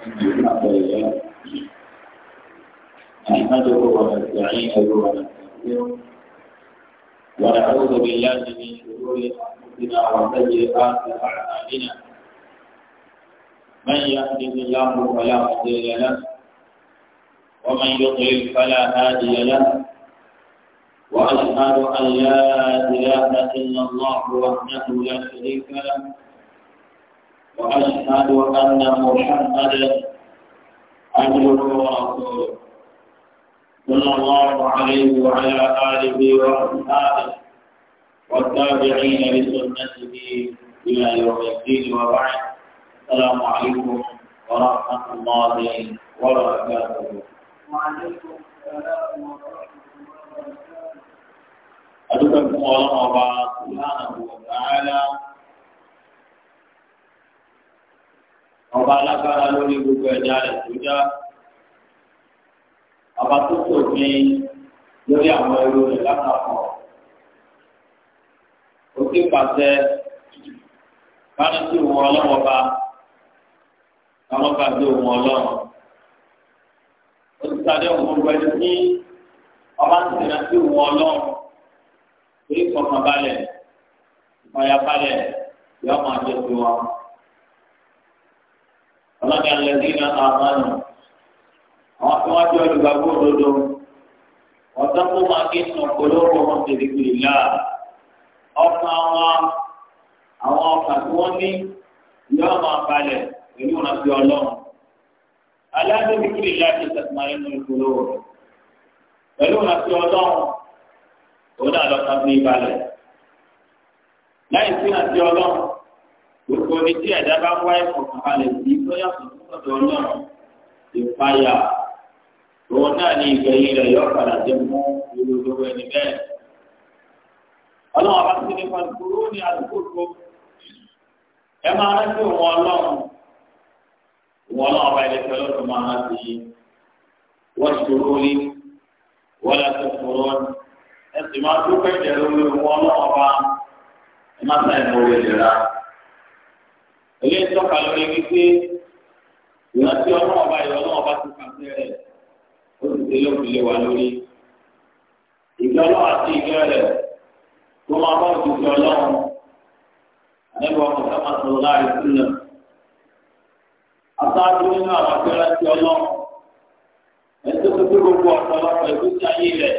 نحمده ونستعينه ونستغفره ونعوذ بالله من شرور انفسنا وسيئات اعمالنا من يهده الله فلا مضل له ومن يضلل فلا هادي له واشهد ان لا اله الا الله وحده لا شريك له وأشهد أن محمدا عبده ورسوله صلى الله عليه وعلى آله وأصحابه والتابعين لسنته إلى يوم الدين وبعد السلام عليكم ورحمة الله وبركاته وعليكم السلام ورحمة الله وبركاته أدعوكم الله سبحانه وتعالى ọba alágbára lórí gbogbo ẹ̀dá rẹ̀ tó dá ọba tó ṣòfin lórí àwọn ẹrú rẹ̀ lápapọ̀ ó ti pàṣẹ kánú sí òun ọlọ́wọ́ bá káwọn bá gbé òun ọlọ́run ó ti sáré òun gbogbo ẹni tí ọba ń sèrè sí òun ọlọ́run torí kọ̀ọ̀kan balẹ̀ ìfọ̀yà balẹ̀ yọ̀ọ́ máa jẹ́ wọn ọlọ́ni alẹ́dínà àmánù àwọn tí wọ́n jẹ́ olùgbàgbọ́ òdodo ọ̀sán tó máa kí nù polówó wọn tètè kiri là ọkàn wọn àwọn ọkàn tí wọ́n ní yóò máa balẹ̀ pẹ̀lú ìrántí ọlọ́run aláàbò kiri là ti sàtìmọ́ nínú ìpolówó pẹ̀lú ìrántí ọlọ́run òun náà lọ́kàn bí balẹ̀ láì sí ìrántí ọlọ́run gbogbo ní tí ẹ̀dá bá wá ìfọ̀kànbalẹ̀ sí tó yàtọ̀ sọ́dọ̀ ọlọ́run ìpayà òun náà ní ìgbẹ̀yìn rẹ̀ yọ padà jẹ mọ́ olólùwẹ̀ ẹni bẹ́ẹ̀. ọlọ́run bá ti ní pàṣípòrò ní àdúgbò ẹ máa rántí òun ọlọ́run òun ọlọ́run bá ilẹ̀ tẹ́lẹ̀ máa rántí wọ́n ṣòro ní wọ́n lè tó fòrò ẹ sì máa dúpẹ́ jẹ́ lórí òun ọlọ́run bá ẹ má sáyẹn ilé ìtọ́ka lórí wípé ìrántí ọlọ́run ọba ìwọ ọlọ́run ọba ti pàṣẹ rẹ̀ ó sì ṣe ló fi lé wa lórí. ìgbẹ́ ọlọ́run àti ìgbẹ́ rẹ̀ tó máa bá òjòjì ọlọ́run àdébọ̀ mọ̀sámá sọ̀rọ̀ láàrin sílẹ̀. aṣáájú nínú àwọn akẹ́rẹ́ ti ọlọ́run ẹ̀sẹ̀ tó tó gbogbo ọ̀pọ̀lọpọ̀ ìgbésí ayé rẹ̀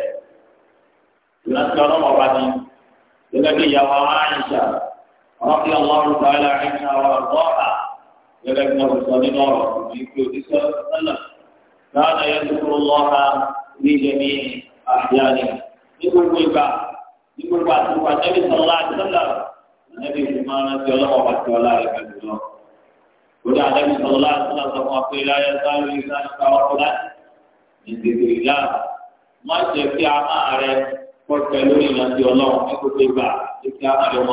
ìrántí ọlọ́run ọba ni gẹ́gẹ́ bí ìyàwó رضي الله تعالى عنها وارضاها يلك مرسل نور في سلم كان يذكر الله في جميع احيانه يقول ويبا يقول بعد النبي صلى الله عليه وسلم النبي سبحانه وتعالى وتعالى يقول ولا النبي صلى الله عليه وسلم قال لا يزال لسانك وقلا من ذكر الله ما شفيع ما أرى قلت له إن الله يقول ويبا يقول أنا يوم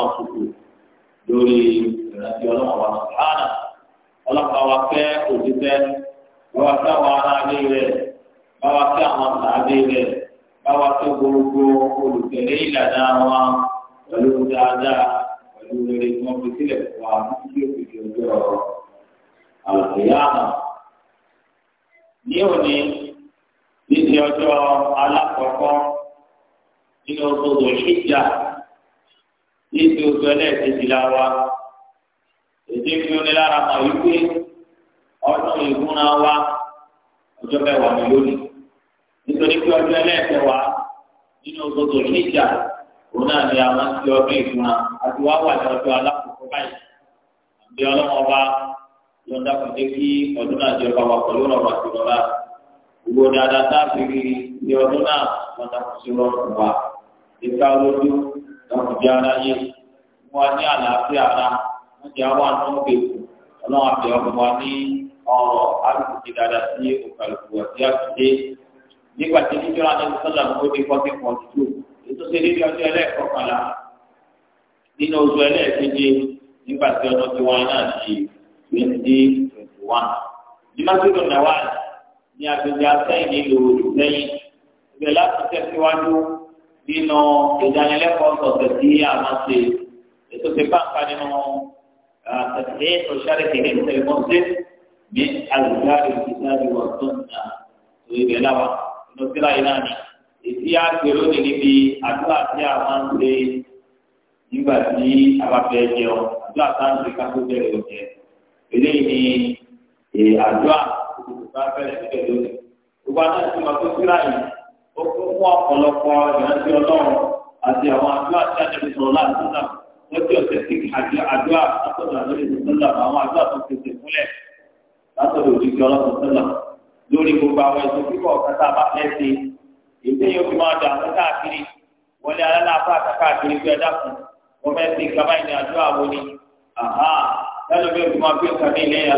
lórí ìrántí ọlọ́pàá wa sùhánà ọlọ́pàá wa fẹ́ òṣìṣẹ́ báwa fẹ́ àwọn ará ilé rẹ̀ báwa fẹ́ àwọn sàádé rẹ̀ báwa fẹ́ gbogbo olùtẹ̀lé ìlànà wa pẹ̀lú dáadáa pẹ̀lú rere tí wọ́n fi sílẹ̀ fún wa títí òkè tí ojú ọ̀rọ̀ àlùfẹ́yàmà. ní òní ní ti ọjọ́ alákọ̀ọ́kọ́ nínú oṣù tó ṣíjà. yíṣe oṣù ẹlẹ́ẹ̀kejì la wa èdè kí ó ní lára mọ̀ wípé ọdún wa ọjọ́ mẹ́wàá ni lónìí nítorí pé ọjọ́ ẹlẹ́ẹ̀kẹwàá nínú gbogbo níjà òun náà ni a máa ń fi ọdún àti wá wà ní ọjọ́ alákòókò báyìí àbí dé kí ọdún náà ọba wa pẹ̀lú ọ̀rọ̀ àti gbogbo dáadáa a fi rí ọdún náà wọn kò jẹ́ ara yé wọn ní àlàáfíà ara wọn jẹ́ àwọn àtúntò èkó ọlọ́run àti ọkùnrin wa ní ọ̀rọ̀ alùpùpù dáadáa sí òkàlùkù àti àtúndé nígbà tí níjọ́ àdéhùn sọ́dà ló dé fọ́tí pọ̀jù tó ètò ṣe níbi ọjọ́ ẹlẹ́ẹ̀kọ́kànlá nínú oṣù ẹlẹ́ẹ̀keje nígbà tí ọdún ti wáyé náà di twenty twenty one ní masiru nawal ní agbègbè asẹ́yìn nílùú olùsẹ́yìn ibẹ̀ láti tẹ̀síwájú nínú ìdánilẹ́kọ̀ọ́ sọ̀tẹ̀ tí a máa ṣe ètò ti pàǹpà nínú àtẹ̀sẹ̀ òṣèré kìíní ìṣẹ̀lẹ̀ mọ́tẹ́ ní àlùjáde ìṣẹ́lẹ̀ wà tó ń ta ìrẹ̀ láwa nínú sílá yìí náà ni èsì àgbèrò ní níbi àdúrà tí a máa ń ṣe nígbà tí a bá fẹ́ jẹun àdúrà tá à ń ṣe kákó bẹ̀rẹ̀ òjẹ́ eléyìí ni àdúrà tó bá bẹ̀rẹ̀ níbẹ̀ lónìí gbogbo ó kún fún ọ̀pọ̀lọpọ̀ ìrántí ọlọ́run àti àwọn àdúrà tí a ti fi sọ̀rọ̀ láti sílà lọ́jọ́ ọ̀sẹ̀ tí àdúrà látọ̀dọ̀ àlọ́lẹ̀ sílà àwọn àdúrà tó fèsì fúnlẹ̀ látọ̀dọ̀ òjijì ọlọ́run sílà lórí gbogbo àwọn ẹ̀sùn kíkọ̀ kátà bá fẹ́ ṣe èdè yóò fi máa dà fún káàkiri wọlé alálàáfà káàkiri fẹ́ dákun wọ́n fẹ́ ṣe ìkàbá ìní àdúrà wo ni àhá lẹ́nu bí o fi máa gbé kàmí ilé yẹn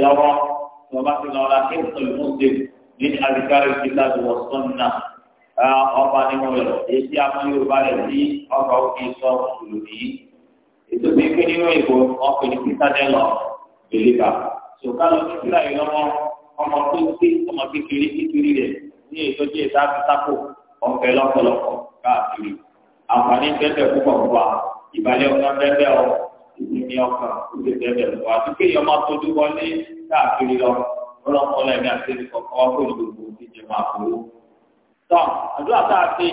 ọba nínú rẹ̀ èyí àmọ́ yorùbá rẹ̀ sí ọba òkè sọ mùsùlùmí ètò tí pé nínú ìbò ọkọ̀ ní pítádẹ́lọ̀ gbèlébà ṣùgbọ́n lọ sí sílá yìí lọ́mọ ọmọ tó gbé ọmọ kékeré kékeré rẹ̀ ní ètò tí ètò àfisákò ọ̀fẹ́ lọ́pọ̀lọpọ̀ káàkiri àǹfààní bẹ́ẹ̀ púpọ̀ púpọ̀ ìbàlẹ̀ ọ̀gá bẹ́ẹ̀ ọ̀ ìsinmi ọkàn òkè bẹ́ẹ̀ lọ́wọ́ àti pé ọmọ tó dúwọlé káàkiri lọ ọlọ́pọ̀lọ́ ẹ̀mí àti ẹ̀mí kọ̀ọ̀kan wá kó ìdòwò ìjẹun àpò tọ́ àdúrà tá a fi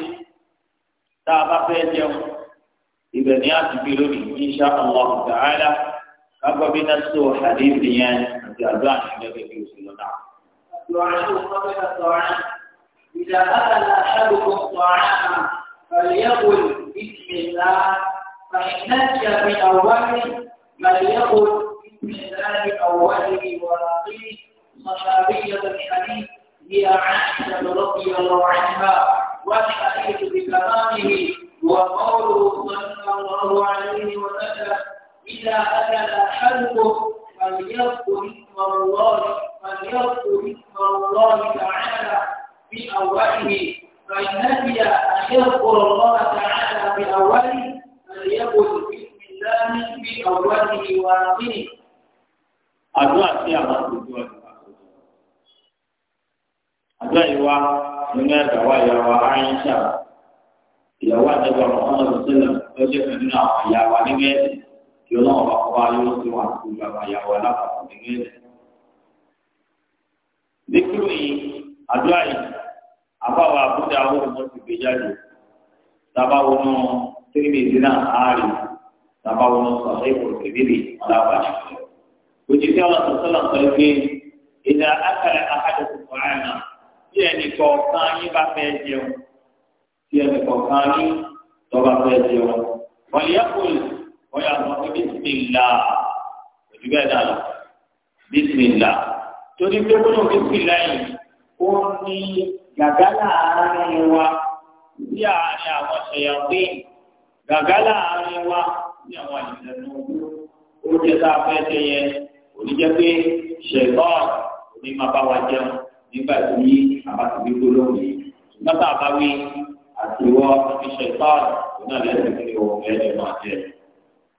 tá a bá fẹ́ jẹun ibẹ̀ ni a ti fi lónìí insha allah ta'ala kápẹ́ bí náà sọ hadith yẹn àti àdúrà yẹn gẹ́gẹ́ bí oṣù lọ́nà. إذا أكل أحدكم طعاما فليقل بسم الله فإن نجى من أوله فليقل بسم الله أوله ورقيه صحابية الحديث هي عائشة رضي الله عنها والحديث بكلامه وقوله صلى الله عليه وسلم إذا أكل أحدكم فليذكر اسم الله فليذكر اسم الله تعالى في أوله فإن نسي أن يذكر الله تعالى في أوله فليقل بسم الله في أوله وآخره. أدعو أشياء ما تقول àjọ ìwà nínú ẹgbẹ́ wa ìyàwó Aisha ìyàwó àdébọ̀ Muhammad sílẹ̀ tó jẹ́ pẹ̀lú àwọn ìyàwó nínú ẹ̀sìn kí ọlọ́run bá kọ́ ayé wà alápapọ̀ àdúrà yìí, àbáwọ̀ àwọn gbé jáde. Tábà Tábà sọ̀rọ̀ Òjì tí tí ẹnìkọ̀ọ̀kan yín bá fẹ́ jẹun tí ẹnìkọ̀ọ̀kan yín tó bá fẹ́ jẹun wọ́n yẹ kó wọ́n yà sọ pé bísímìlá ojú bẹ́ẹ̀ dà lọ bísímìlá torí pé wọ́n yóò bísímìlá yìí ó ní gàgá láàárín wa sí àárín àwọn ṣèyàwé gàgá láàárín wa sí àwọn ìlànà oúnjẹ tá a fẹ́ jẹ yẹn kò ní jẹ́ pé ṣèkọ́ òní máa bá wa jẹun nígbà tí àbátìbí gbólóhùn yìí ṣùgbọ́n tá a bá wí àtiwọ́ iṣẹ́ ìpáàrọ̀ tó náà lẹ́sìn kí o ẹ̀jẹ̀ máa jẹ.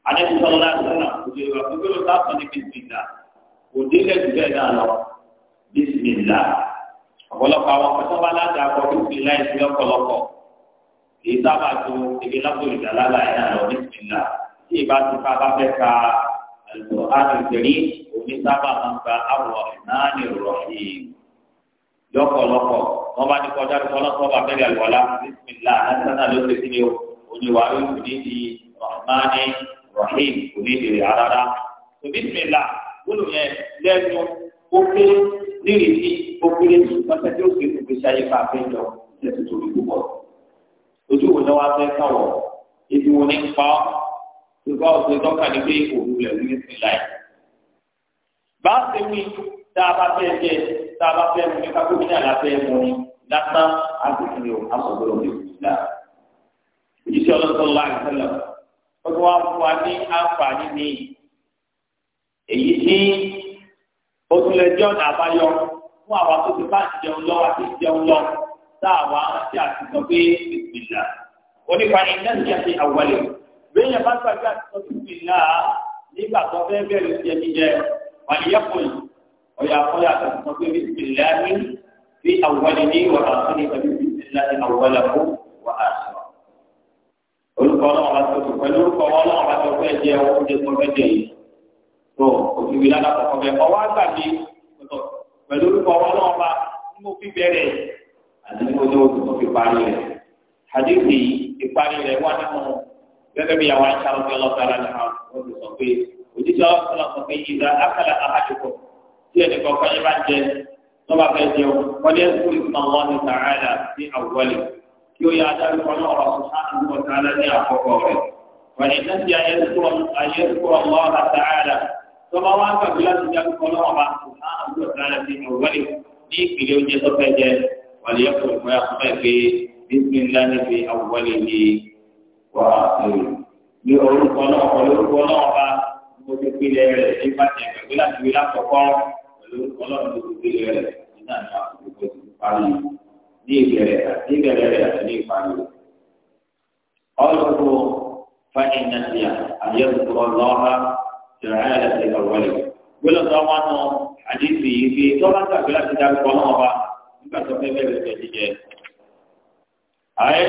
Adébí sọ̀rọ̀ láti sọ̀rọ̀ òjò ìwà gbogbo ló sáà sọ ní bísímìlà kò dé lẹ́sìn bẹ́ẹ̀ náà lọ bísímìlà. Ọ̀pọ̀lọpọ̀ àwọn akẹ́kọ̀ọ́ bá láti akọ bísímìlà ìsìn ọ̀pọ̀lọpọ̀ kì í sábà tó ebi lápòlì dàlálà ẹ̀ náà lọ lọ́kọ̀lọ́kọ̀ wọ́n bá ní kọjá lọ́kọ̀lọ́kọ̀ bá fẹ́rẹ̀ àlùwàlá bísímìlá lásánà ló ṣe sílẹ̀ o oníwà ló kù ní di rahmani rahim kò ní ìdèrè rárá. tó bísímìlá wúlò yẹn lẹ́nu ó pé nírìsí ó péré ní pátá tí ó fi kò fi ṣayé fà fẹ́ jọ ṣe tuntun ní púpọ̀. ojú wo ni wọ́n fẹ́ kọ̀wọ̀ ibi wo ni ń pa ọ́ tó bá òṣè tọ́ka ní pé òun lẹ̀ ní bísímìlá yìí. bá a ṣe wí tá a bá fẹ́ tá a bá fẹ́ mu ní kákó bíi àlàfẹ́ mu ni lásán àgùntàn yóò asọ̀gbọ́n òde òkúta. Ìjísẹ́ ọlọ́sọ̀rọ̀ láàrin sẹ́lẹ̀ ó tún wá fún wa ní àǹfààní ní èyí tí ó tún lè jẹ́ ọ̀nà àbáyọ fún àwa tó ti bá jẹun lọ àti jẹun lọ tá àwa ti àti sọ pé ìgbìlà onípa iná ní àti àwọlẹ̀ bẹ́ẹ̀ yẹn bá gbàgbé àti sọ pé nígbà tó fẹ́ bẹ̀rẹ̀ jẹ jíjẹ wàlíyẹ́pọ̀ yìí ọ̀yà kọ́lá àtàkùn pé bisimilahi fi awọ́lẹ̀ ní wà á sọ́ni pẹ̀lú bisimilahi awọ́lẹ̀ kó wà á sọ. orúkọ ọlọ́run bá tó pẹ̀lú orúkọ ọlọ́run bá tó fẹ́ jẹ owó oúnjẹ tó fẹ́ jẹ yìí. tó òkìwì lára kọ̀kọ́ bẹ́ẹ̀ ọwọ́ àgbà mi pẹ̀lú orúkọ ọlọ́run bá ń mú fi bẹ̀rẹ̀ àti ní ojú oṣù tó fi parí rẹ̀. àdéhùn ìparí rẹ̀ wà nínú gẹ́gẹ́ bí àwọn aṣáájú ọlọ́tara ni àwọn ọ̀dọ́ sọ pé òjíṣẹ́ ọlọ́tara sọ pé ìdá akálà àhàjùkọ̀ọ́ tí ẹnì kọ̀ọ̀kan yẹn bá jẹ tó bá fẹ́ jẹun wọ́n ní ẹ̀sùn ìfúnná wọn ní sàrẹ́là ní àwọ̀lẹ̀ kí ó yà á dárí kan náà ọ̀rọ̀ sùnmọ́ ní ọ̀sán alẹ́ ní àkọ́kọ́ rẹ̀ wọ́n ní nẹ́sì ayẹ́sùkọ́ ọlọ́ọ̀rọ̀ sàrẹ́là tó bá wọn gbàgbé láti dárí kan náà ọ̀rọ̀ sùnmọ́ ní ọ̀sán alẹ́ ní àwọ̀lẹ̀ ní ìpìlẹ̀ oúnjẹ tó fẹ́ jẹ wọ́n ní ẹ̀kọ́ ìfọ́ yà fún ẹgbẹ́ bisimilahi fi ní orúkọ náà ọba mo ti pilẹ̀ rẹ̀ nípa tẹ̀ gbàgbé láti wí lákọ̀ọ́kọ́ pẹ̀lú ọlọ́run tó ti gbé rẹ̀ nígbà ní àkókò tó ti parí ní ìbẹ̀rẹ̀ àti ìbẹ̀rẹ̀ rẹ̀ àti ní ìparí. ọlọ́run fẹ́ẹ́ nàìjíríà àyẹ̀wò ọlọ́ha tìrẹ̀ẹ́rẹ́ ti ọ̀wọ́lẹ̀. gbọ́dọ̀ wọn nù àdìsí yìí fi tọ́lá tàbí láti dárúkọ náà wá nígbà tó fẹ́ bẹ̀rẹ̀ fẹ́ jíjẹ. àyẹ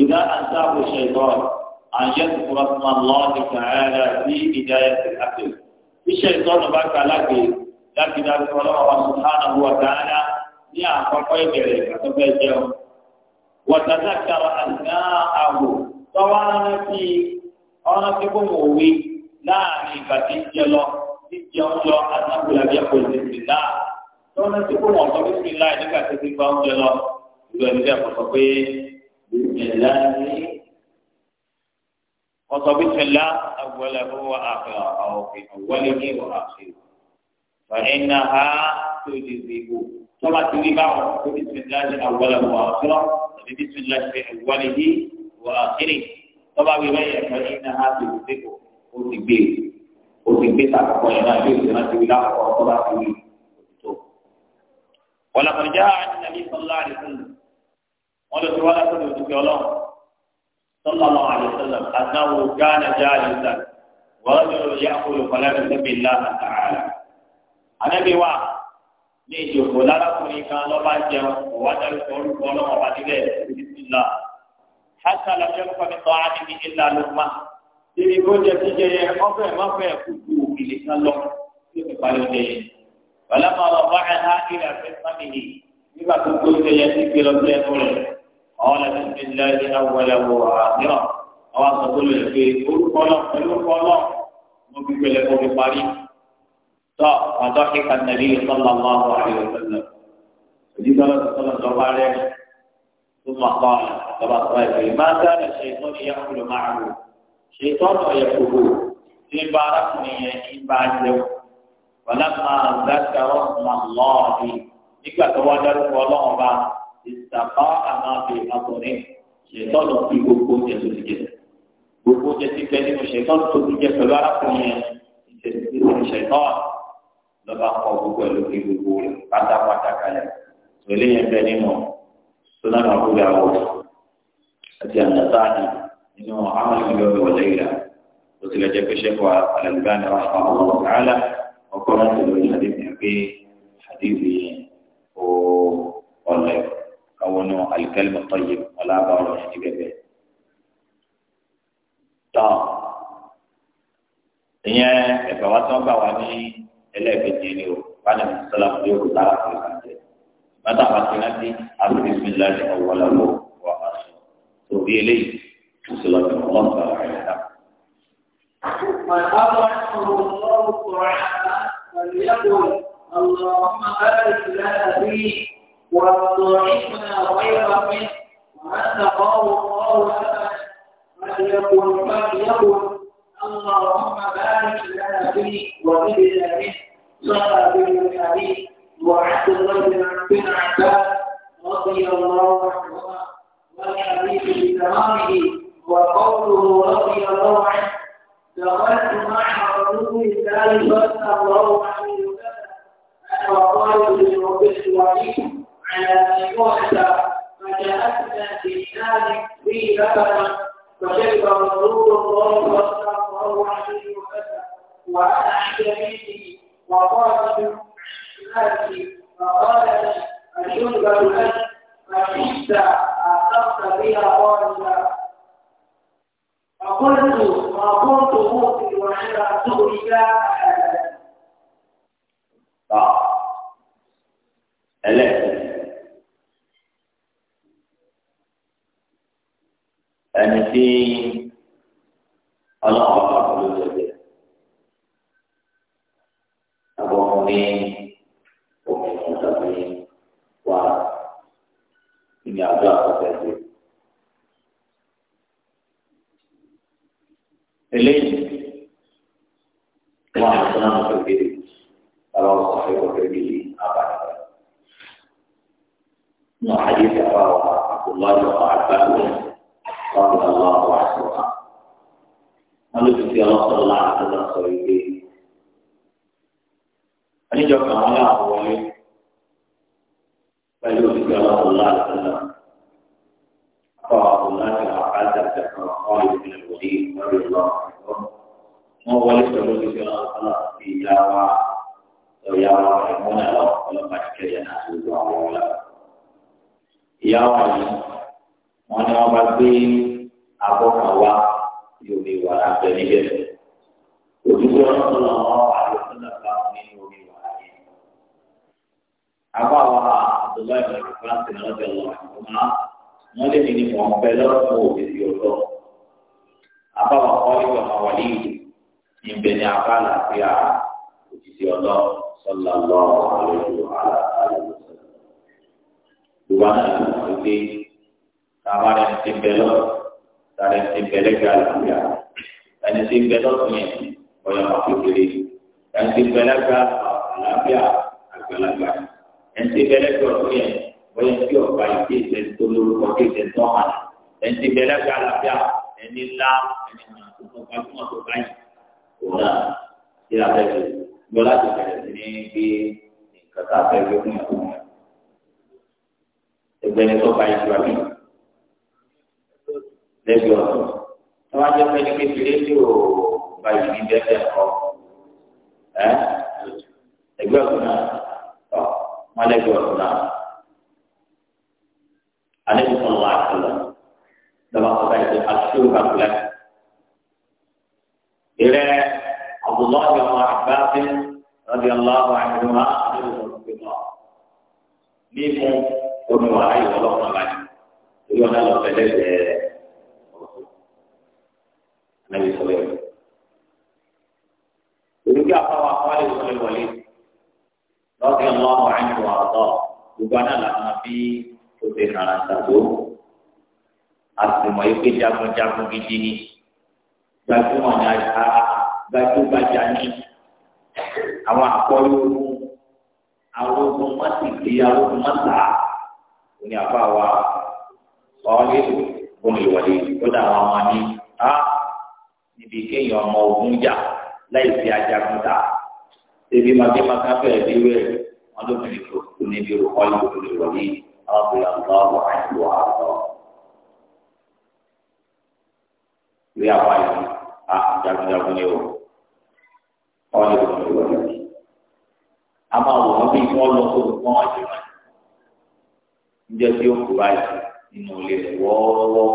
ìdá àtàkùn ṣẹ̀dọ̀ àyẹ̀wò ọlọ́run tìrẹ̀ẹ́rẹ́ ti ìdáyẹ̀ ti àtẹ̀. iṣẹ́ ìtọ́nù bá ka lágbèé dábìdábì ọlọ́wọ́ wa subhanahu wa ta'ala ní àkọ́kọ́ ìbẹ̀rẹ̀ ìgbàtọ́ fẹ́ jẹun. wọ́tàtà kàrọ̀ àná àwò tọ́wọ́ rántí ọ̀rọ̀ tí kò wò wí láàrin ìgbà tí ń jẹ lọ tí jẹun lọ anábùlàbí àpòlùsẹ̀ sí náà tọ́wọ́ tí kò wọ́n sọ fífi láì nígbà tí ti gbà ń jẹ lọ ìlú ẹni bẹ́ẹ̀ kọ́ sọ pé bìtìlá ní kọ́ sọ bìtìlá àgbọ̀lẹ̀ fún فإنها تجذب طبعا تجيب بسم الله أوله وآخره بسم الله في أوله وآخره طبعا بغير فإنها تجذب وتجيب وتجيب تقوى لنا جزء ما تجيب وطبعا تجيب ولقد جاء عن النبي صلى الله عليه وسلم قال سؤال كل الله صلى الله عليه وسلم أنه كان جالسا ورجل يأكل فلم يسمي الله تعالى ànábì wa ní ìjòkó lárakùnrin kan lọ́ba jẹun kò wá dárí sọ orúkọ ọlọ́mọ ọba níbẹ̀ bísílà hasa lọ́jọ́ nípa mi sọ ánìmí ìlà lọ́mà ibi kó jẹ jíjẹ yẹ ọfẹ mọfẹ kúkú òkèlè kan lọ tí o ti parí oúnjẹ yẹn wàlámà ọba ẹ̀ ha ìrìn àfẹ́ sámìlì nígbà tó kó oúnjẹ yẹn ti gbé lọ sí ọ̀la ti fi lẹ́yìn ní awọ́lẹ́wọ́ àdéhùn àwọn àtọ́kọ́lù pé orúkọ náà pẹ̀lú orúkọ mo fi gbẹlẹ́ mo fi parí. فضحك النبي صلى الله عليه وسلم فجد رسول الله عليه ثم قال كما قال ما كان الشيطان يأكل معه شيطان يأكله في باركني إن بعده ولما ذكر اسم الله nígbà tó wá dárúkọ ọlọ́run bá ìsàpá àmàfi àtọ̀rẹ́ ṣètọ́nù tí gbogbo oúnjẹ tó ti jẹ gbogbo oúnjẹ ti bẹ nínú ṣètọ́nù tó ti jẹ pẹ̀lú arákùnrin yẹn ìṣètọ́nù lọ́ba kọ gbogbo ẹ̀ lókè gbogbo rẹ̀ pátápátá kalẹ̀ tòlé yẹn bẹ nínú sọ́nàmù àbúrò àwọ̀ àti ànàtàdì nínú amọ̀lẹ́gbẹ̀ ọ̀rẹ́ wọlé ìlà ó ti lọ́jọ́ pé ṣẹ́kọ̀ àlẹ́gbẹ̀rẹ́ àwọn ọmọ ọ̀tàlá ọkọ̀ náà ti lórí àdébì pé àdébì ó ọ̀lẹ̀ àwọn ọ̀nà àlìkẹ́lẹ́mọ̀ tọ́yẹ ọ̀làbà ọ̀rọ̀ yẹn níbẹ̀ bẹ́ẹ̀. tán ìyẹn ẹ̀fẹ̀ wá tí gbà wá ní ẹlẹ́ẹ̀kejì ni o báyìí ní sọlá fún yóò lára fún ìgbàjẹ́ bàtà àbàtìláti àbúrò ìsìnlá ní ọwọ́ lọ́wọ́ wà á sọ torí eléyìí mùsùlùmí ọlọ́run bá wà yàrá. اللهم بارك لنا فيه واطعمنا غير منه ومن تقاه الله لنا فليكن فليكن اللهم بارك لنا فيه وزدنا منه صلى به الحديث وعبد الله بن عباس رضي الله عنهما والحديث بتمامه وقوله رضي الله عنه دخلت مع رسول الله صلى الله عليه وسلم انا وطالب بن عبد الوليد على ميمونه فجاءتنا في بإناء في لبنا فشرب رسول الله صلى الله عليه وسلم الله عليه وسلم وعلى بيته وقال الناس لك فكنت أعتقت بها فقلت ما كنت موصل وعلى تغرك أحدا ẹni tí ọlọ́run قومين ومن قومين و إن يعجبك تأثير إليه وعن سلامة الكريم رواه صحيح الترمذي أبا من حديث رواه عبد الله بن عباس رضي الله عنهما أن الله صلى الله عليه وسلم níjọ kan wọn náà wọlé pẹ̀lú òṣìṣẹ́ ọlọ́wọ́lá àtàlà àpá ọ̀la ti àkáàtà àtàkùn ọ̀hún ìpínlẹ̀ wòlíì lórí ọlọ́wọ́ wọn wọlé pẹ̀lú òṣìṣẹ́ ọlọ́wọ́lá àti ìyá wa ìyá wa ẹ̀mọ́ náà lọ ọlọ́pàá ti kẹ́yà náà tó gbọ́ àwọn ọ̀la. ìyá wa yìí wọn ni wọn bá gbé abọ́ kan wá yóò mi wà lábẹ́ níbẹ̀ òṣìṣẹ́ ọlọ́wọ́ àti ọ̀sán náà bá wọn nínú omi àbá wa Abdullahi bin Abbas rọjò lọ àkùnmá wọn lè ní mọ ọbẹ lọrọ fún òbí ọlọ àbá wa kọ ìwà máa wà níyì ní ibẹ̀ ní àbá àlàáfíà òbí ọlọ sọlá lọ àlejò àlàáfíà ìwà náà ló wà wípé táwa rẹ ti bẹ lọ tàrẹ ti bẹlẹ gà àlàáfíà ẹni ti bẹ lọ fún yẹn ọyọ àkókò rẹ ẹni ti bẹlẹ gà ẹnití bẹ̀rẹ̀ tó ọdún yẹn bóyá tí ọba ìdí ìṣẹ tó lórúkọ tó ìṣẹ tó hàn ẹnití bẹ̀rẹ̀ tó àlàáfíà ẹni ńlá ẹni hàn tó tó gbajúmọ̀ tó báyìí òun náà tí a fẹ́ fi lọ láti bẹ̀rẹ̀ sí ní gbé nǹkan tá a fẹ́ gbé fún ìkú wọn. ẹgbẹ́ni tó bá ìṣúra mi lẹ́bi ọ̀tọ̀ tí wọ́n á ní kékeré tí ò bá ìdí bẹ́ẹ̀ fẹ́ kọ́ ẹgbẹ́ ọ̀tún náà. mọlẹbi ọsùnà alẹbi sọlọ wa sọlọ dọba kọta ẹsẹ aṣọ ìgbàgbọlẹ ìrẹ abdullahi ọmọ abáfẹ rọdí aláwọ àdúrà alẹbi sọlọ pẹ̀lú mímu omi wàhálà yìí ọlọ́pàá láyé ìlú ọdún ọlọ́pàá lẹsẹ ọsùn alẹbi sọlọ yìí. Ìdíkẹ́ àpá wa kọ́ alẹ́ sọlọ ìwọlé. lọ́sí ọlọ́run àìkú àrọ̀tọ̀ gbogbo àná làwọn fi òfin rárá ṣàtó àtìmọ̀ yìí pé jagunjagun gidi ni gbajúmọ̀ ní àjà gbajúgbajà ní àwọn akọ́lé ogun àwọn ogun mọ́tìkì àwọn ogun mọ́tà ní àbá wa ọ̀ọ́lẹ́ gbọ́mìlìwọ̀lẹ́ kódà àwọn ọmọ ní á níbi kéèyàn ọmọ ogun jà láì fi ebi màgbé màkà fẹ́ẹ̀ bí wẹ̀ wọn lóbìnrin tó kú níbi olùkọ́ yìí kò lè wọlé ọkùnrin àgbà ọ̀wọ̀ àìlú àgbọ̀. ìwé àwọn àyè á jagunjagun ni o wọn lè wọlé wọlé yìí. a máa wọ̀ wọ́n bí wọ́n lọ sóbi fún ọ̀jọ̀ náà. níjẹ́ tí ó kú báyìí nínú ilé rẹ̀ wọ́ọ́rọ́wọ́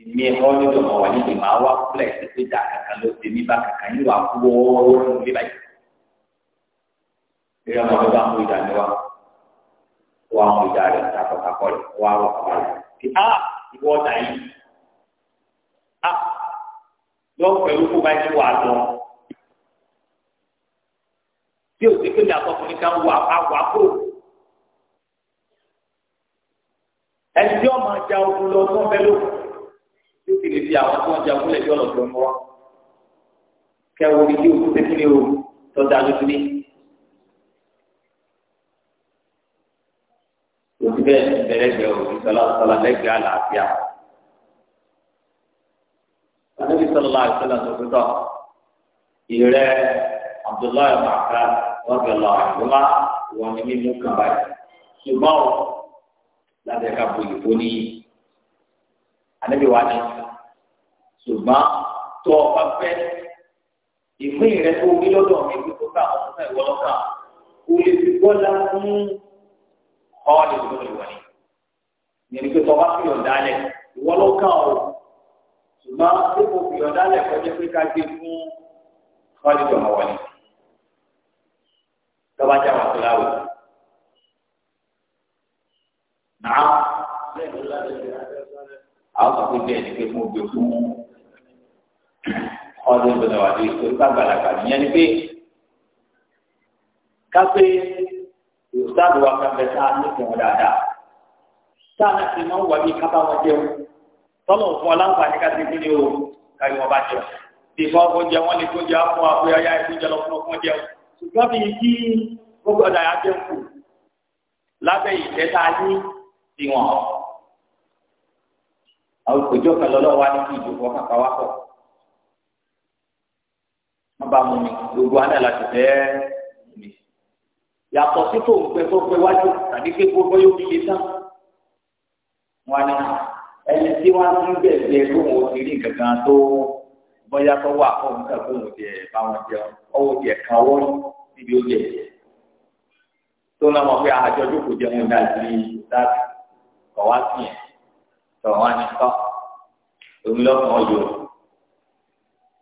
èmi ẹ̀họ́ nílò ọmọ wà nílò máa wá fúlẹ̀ títí dà kankan ló ti níbà kankan nílò àkúwọ́ ọ̀rọ̀ nílé báyìí. ìrìn ọmọ mi bá ń kó ìdá mi wá wá ń kó ìdá rẹ̀ takọ̀takọ̀ rẹ̀ wá rọ̀ kọ̀ọ̀ rẹ̀ kí á ìwọ ọ̀dà yìí á lọ pẹ̀lú kó báyìí wà lọ. bí o ti pé ní akọkùnrin kan wà á wà kó ẹni tí ọmọ ajá ogun lọ fún tí ó sì lè fi àwọn tó ń jagun lẹ̀ jọ̀lọ̀ tó ń wá kẹwọ́ ní kí o ṣe kí ni o tọ́jà lójú ní. òsì bẹ́ẹ̀ bẹ̀rẹ̀ bẹ̀ òbí sọlá sọlá lẹ́gbẹ̀ẹ́ àlàáfíà. àdébí sọlá àìsọlá sọ̀tọ̀ ìrẹ́ Abdullahi màkà wọ́n bẹ̀ lọ àdúrà wọn ni mímú kàbáyé ṣùgbọ́n lábẹ́ ká bo ìbò níyì ànábì wa ni ṣùgbọ́n tó o bá fẹ́ ìpín rẹ tó wí lọ́dọ̀ mi kí kó ká ọ̀hún náà ìwọ lọ́kàn o lè fi bọ́lá fún ọ̀ọ́dẹ tó lè wọlé yẹn ni pé tó o bá fi yọ̀ǹda lẹ̀ ìwọ lọ́kàn o ṣùgbọ́n tó o fi yọ̀ǹda lẹ̀ kọjá pé ká gbé fún ọ̀ọ́dẹ tó wọlé tọ́ba jẹ́ àwọn fúláwì. Nàá àwọn sọ pé bẹ́ẹ̀ ni pé mo gbé fún ọdún ìbọn ìwà dé torí ká gbàlagbà nìyẹn ni pé kápé ìsáàbù wa kan bẹ sáà ní ìfẹ̀wọ̀n dáadáa sáà náà ti máa ń wà ní kápá wọn jẹun tọ́lọ̀ fún aláǹfààní ká ti gbélé o kárí wọn bá jẹun bí fún ọkọ jẹun wọn lè tó jẹ àpò àpò ayá ẹ̀kọ́ jẹ lọ fún ọkọ jẹun ṣùgbọ́n bí kí gbogbo ọ̀dà yà jẹun kù lábẹ́ ìtẹ́ta yín ti wọn àwọn òjò kan lọ́lọ́ wa ní kí ìjòkó kàkà wá pọ̀ wọ́n bá mú mi gbogbo àná láti fẹ́ mi yàtọ̀ sí tó ń pẹ́ tó pẹ́ wájú tàbí pé gbogbo yóò fi yé tán wọn ni ẹni tí wọn ti ń bẹ̀rẹ̀ lóhùn òṣèré kankan tó bóyá tó wà fún nǹkan tó ń jẹ báwọn jẹun ọwọ́ jẹ kan níbi ó tó náà mọ̀ pé àjọ jókòó jẹun dájú ní ìdájú kọ̀ wá sí yẹn tọ̀wọ́n á ní kọ́ omi lọ́kàn yọ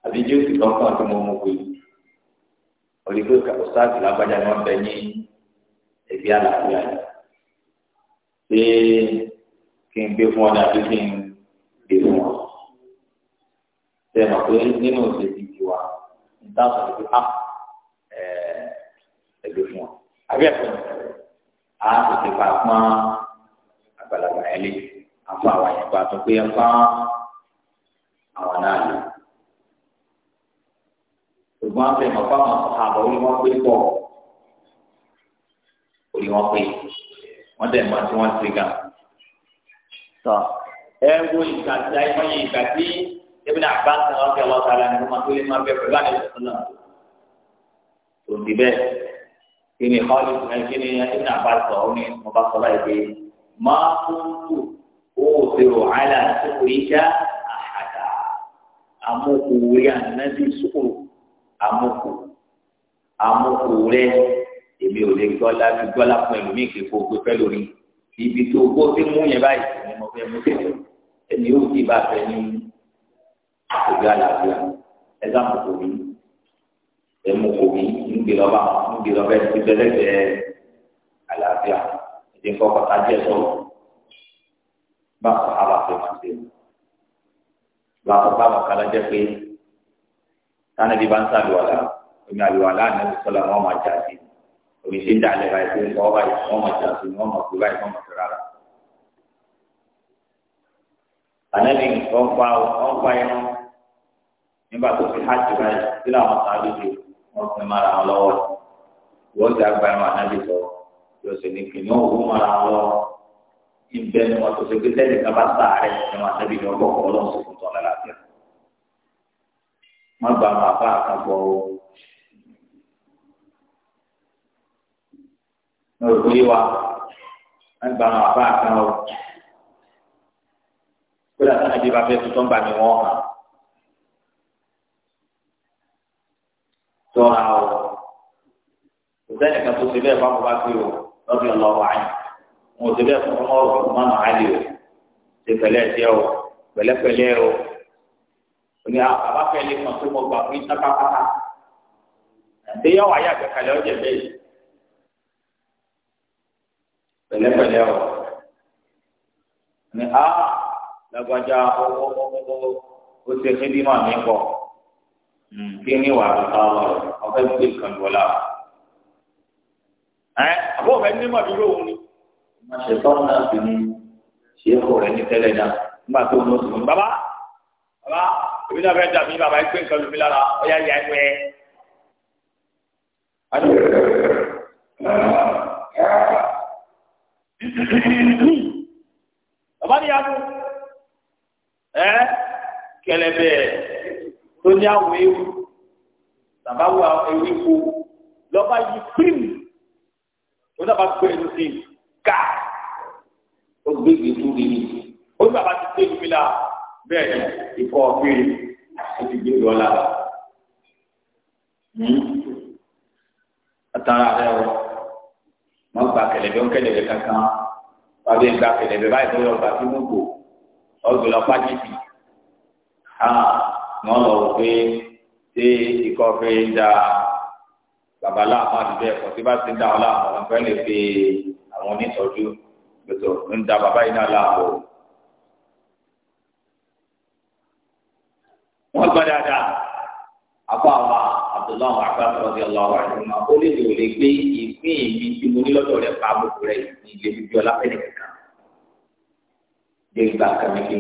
àbí jíòsì lọ́kàn tó mọ ọmọ pé òdìgbò kàkósáàtì lágbájá ni wọ́n bẹ ní ẹbí àlàáfíà yìí ṣé kí n gbé fún ọ ní àbí kí n gbé fún ọ ṣe mọ̀ pé nínú òṣèlú ti wà níta sọ pé ah, a ẹgbẹ́ fún ọ àbí ẹ̀fọ́ a ti pa pọ́n àgbàlagbà ẹ̀ lé afọ àwọn yẹn gbà tó pé ẹ pa àwọn náà lò ṣùgbọ́n afẹ́ mọ̀ fún àwọn àbọ̀ orí wọn pé pọ̀ orí wọn pé wọ́n dẹ̀ mọ̀ tí wọ́n ti ga tọ́ ẹ wo ìgbà tí ayé wọ́n yẹ ìgbà tí ebi náà bá ń sọ̀rọ̀ ọ̀kẹ́ ọlọ́ta la ní máa tó lé máa bẹ pẹ̀lú àlẹ́ ìṣẹ̀tún náà tó ti bẹ́ẹ̀ kí ni kọ́ọ̀lù eh, kí ni ebi náà bá sọ̀rọ̀ ó ní mo sọ láì pé máa tó ń kù òòfèrò àlà sókò ìjà àhàdà àmúkù orí ànábì sókò àmúkù àmúkù rẹ èmi ò lè gbọ́lá fi gbọ́lá fún ẹlòmíì kí kò gbé pẹ́ lórí ibi tó kó tí mú yẹn báyìí ni mo fẹ́ mú tẹ̀lé ẹni yóò ti bá fẹ́ ní ìgbé àlàáfíà ẹ dá mú kò mí ń gbé lọ́ba ń gbé lọ́ba ẹ ti bẹ́lẹ́ bẹ́ẹ̀ àlàáfíà ẹ ti kọ́ pàtàkì ẹ sọ̀rọ̀ bá sàhábà pé máa ṣe mú lọ́kọ̀ bá wọn kala jẹ́ pé tani bí bá ń sàlùwàlà omi àlùwàlà ànábi sọlá wọn máa jà sí omi ṣe ń dà lẹ́ báyìí pé wọ́n báyìí wọ́n máa jà sí wọ́n máa kú báyìí wọ́n máa fi rárá. ànábi wọ́n fa wọ́n fa irun nígbà tó fi hajj báyìí sí làwọn sáájú ju wọ́n fi máa ra wọn lọ́wọ́ wọ́n ti àgbà irun ànábi sọ yóò sì ní kìnìún òun máa ra wọn lọ́wọ́ ìbẹ ni wọn tó ṣe pé tẹ́lẹ̀ kaba sáré ni wọn àtẹbí ni ọgbọ kọ lọ sí tuntun ọlá láti rẹ má gba àwọn àbá àkàbọ o ní òkúlé wa má gba àwọn àbá àkàbọ o kódà sáà bí bá fẹ́ tuntun bá mi wọn hàn tọ́ra o kò sẹ́nìkan tó ṣe bẹ́ẹ̀ bá kó bá kí o lọ́bí ọlọ́wọ́ àyè mo ti bẹ́ẹ̀ fún ọmọ ọ̀rọ̀ mọ́nà àlè o ṣe pẹ̀lẹ́ ẹ̀jẹ̀ o pẹ̀lẹ́pẹ̀lẹ́ o òní àbáfẹ́lẹ́ kan tó mọ gbà fún iṣẹ́ pátápátá àtẹ̀yẹ̀wò ayé àgbẹ̀kalẹ̀ ọ̀jẹ̀ bẹ́ẹ̀ pẹ̀lẹ́pẹ̀lẹ́ o ní a lágbájá ọwọ́ ó ṣe kébí máa mi pọ̀ hmm, kí ni wàá tó ta ọ̀rọ̀ ọ̀fẹ́ gbé kan lọ́la ẹ̀ àbọ̀ ọ̀fẹ́ ní màdúró òun ni ṣètọ́ náà sì ni ṣe é kọ̀ rẹ̀ ní tẹ́lẹ̀ náà nígbà tó ní oṣù bàbá bàbá èmi náà fẹ́ dàbí bàbá ẹgbẹ́ nǹkan lómi lára ọ̀yá ìyá ẹgbẹ́ bàbá ni yàgò ẹ kẹlẹbẹ tó ní àwọn ewu bàbá àwọn ewu ikú lọba yìí pín tó dábàá gbé ẹnu e sí gbèsè tó rí ni ó ní bàbá ti dé ìlú mi la bẹ́ẹ̀ ni ikọ̀ ọ̀gbìn ó ti gbé lọ́la hmm? àtàrà rẹ o wọn gba kẹlẹbẹ kẹlẹbẹ kankan wọn bẹ gba kẹlẹbẹ báyìí lọ́yọ̀ gba sí mọ́tò ọ̀gbìn lọ pàjìpì wọn lọ wọ pé ṣé ikọ̀ ọ̀gbìn ń da babaláàmú àti bẹ́ẹ̀ kọ́ tí bá ti ń da ọ̀la àwọn ọ̀gbìn lè fi àwọn onítọ́jú. Betul. ń da ini Allah. náà láàbò. wọ́n apa. dáadáa àbá wa abdullahi abbas rọ́bì ọlọ́wà ìrìnà ó ini, lè lè gbé ìpín èmi tí mo ní lọ́dọ̀ rẹ̀ pa gbogbo rẹ̀ ní ilé bíbí ọlápẹ̀lẹ̀ kankan. dé ìgbà kàmí kí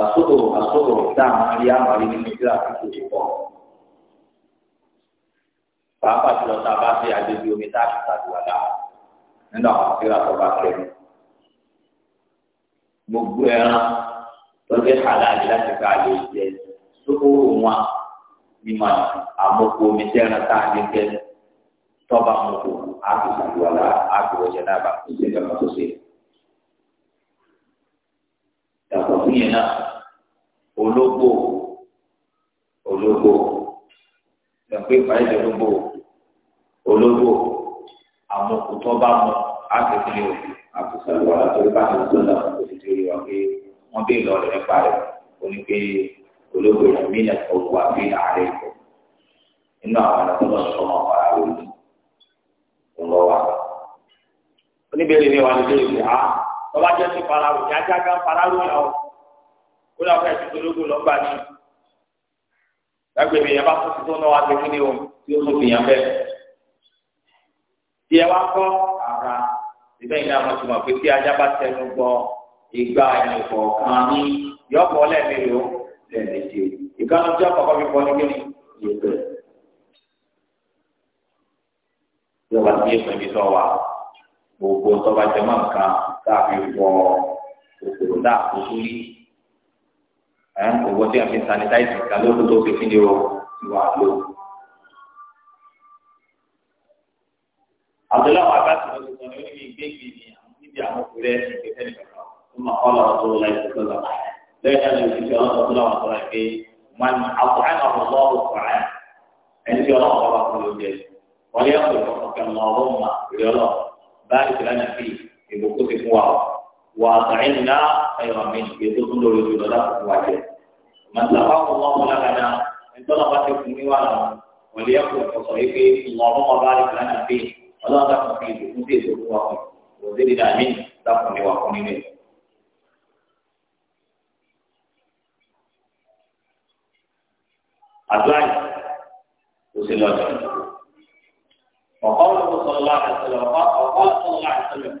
àsọdọ̀ àsọdọ̀ tá a máa rí àmàlí nínú tí a fi tòṣe pọ̀. pàápàá jùlọ tá a bá fi àjèjì omi tá a fi tàdùwà dá nínú àwọn àfihàn tó bá kẹ́ gbogbo ẹran lọ́jọ́ àláàlì láti ká lè jẹ sókòrò wọn ní màá àmọ́kò omi tẹ́ran tá a lè jẹ tọ́ba mọ́kò àti tàdùwà dá àti wọ́jẹ́ náà bá ṣe ìjọba tó ṣe òkú yẹn náà ológbò ológbò ìyàpẹ́ ìpàdé ológbò ológbò àwọn òkútọ́ bá mọ àtẹ̀sílẹ̀ òkú àtẹ̀sílẹ̀ wà látọ̀rí bá ti sọ náà kó ti tẹ̀lé wa pé wọ́n bí ìlọrin nípa rẹ̀ ó ní pé ológbò yẹn mí nà ọ̀gbọ́n àbí àárẹ̀ ìkọ̀ nínú àwọn àtọ́nà sọmọ ọ̀rá lónìí ńlọ oníbẹ̀rẹ̀ ni wà ní bẹ̀rẹ̀ fi hàn ah, tọ́wájẹ́ sí farawo jájá gan farawo yà ọ́ kó lọ fẹ́ ti dológun lọ́gbà ni lágbègbè yẹn bá tó ti tó náwó akéwì ni o tí ó tún fìyàn bẹ́ẹ̀. tí ẹ wá kọ́ ara síbẹ̀ yìí náà wọ́n ti mọ̀ tí ajá bá tẹnu gbọ́ ìgbà ẹ̀yìn kọ̀ọ̀kan ní yọ̀pọ̀ lẹ́ẹ̀mẹ́rin o lẹ́ẹ̀mejì o ìkànnì tí ọkọ̀ fi pọ̀ ní kíni yẹ̀pẹ̀. yọ̀wá sí ẹ̀pẹ̀ mi sọ wa gbogbo tọ́ba jẹ́ mọ́ nǹkan káàfin wọ òkòrò náà kó sórí ẹ owó tí a fi sanitaizi ká ló tó fi fi ní o ìwà lò. àbúlá wà bá ti lọ sọ ní onímì gbégbé ni níbi àwọn òkúrẹ́ ìgbésẹ̀ nìkan kan ó máa kọ́ lọ́wọ́ tó lọ ìgbésẹ̀ lọ. lẹ́yìn náà lè fi fi ọ̀rọ̀ sọ́kúlà wà sọ́ra pé wọn àkùnrin náà lọ lọ́wọ́ kùnrin ẹni tí ọlọ́wọ́ bá wà fún lóúnjẹ wọ́n yẹ kó ìfọ̀kànlọ́wọ́ mà rí ọlọ́ báyìí وأطعمنا خيرا منك يدخل رجل لك واجب من سقاه الله لنا من طلبة الميوان وليكن كصحيفه اللهم بارك لنا فيه ولا تكن فيه مزيد وقوة وزدنا منه تكن وقوة منه أدعي وسلوات وقوله صلى الله عليه وسلم وقال صلى الله عليه وسلم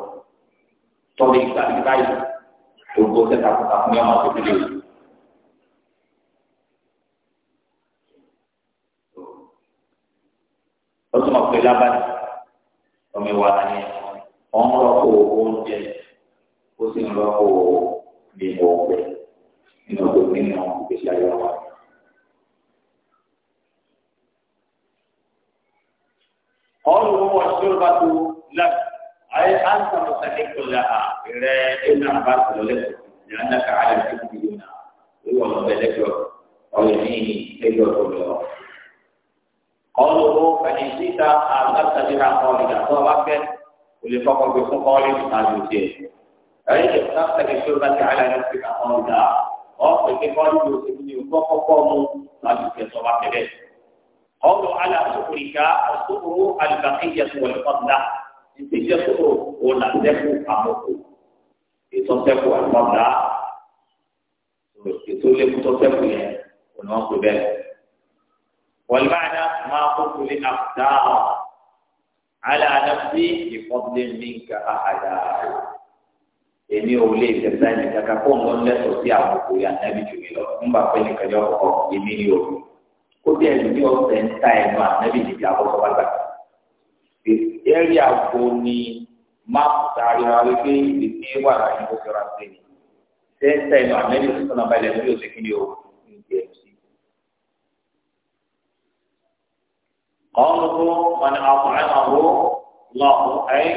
tọ́lé ìgbà ní báyìí gbogbo tẹ́ta kọta fún yọmọ tó fi lè wò. ó tún mọ̀ pé lábàá ọmọ ìwà ni wọ́n ń rọ́pò oúnjẹ ó sì ń rọ́pò mímu ọ̀gbẹ́ nínú ọdún nínú ìgbésí ayé wa. ọ̀rùn wọn ṣọ́ọ́bà tó. أنت مستحق لها إن عباس لك لأنك على الحكم هنا هو الملك أو يميني تجر الله قوله فإن شئت أردت بها خالدا صابك ولفقر بخطال تاجوتين فإن اخترت بالشربة على نفسك خالدا أو في خالد يوسفني وفقر قوم تاجوتين صابك قوله على شكرك الصبر البقية والفضلة ìgbésẹ̀kù ọ̀là sẹ́kù àmọ́kù ìtọ́sẹ́kù àgbàgbà ètò ìlẹ́kùtọ́sẹ́kù yẹn ọ̀nà ọ̀pẹ bẹ́ẹ̀. wọ́n bá dá máa kó kulé àkùdá ọ̀ alẹ́ àdàbí ìfọ́nlé mi ká àdá èmi ò lè tẹ̀sán ẹni kankan kó ń lọ lẹ́sọ̀ọ́ sí àwọn òkú jù mí lọ nígbà pé nìkan yọ ọkọ̀ èmi ni òkú kó bí ẹni ní ọ̀sẹ̀ ń ta ẹnu ànábì nìyí àkọ́kọ́ bá gbàgbé ẹ̀rí àgbo ni máàpù sáré wa wípé ìdíje wà láyé bó ṣọra sí ni sẹ́ńtà inú àmẹ́lì sọ́nà balẹ̀ ní òsè kí ni o ní jẹ̀mí. قوله من أطعمه الله أي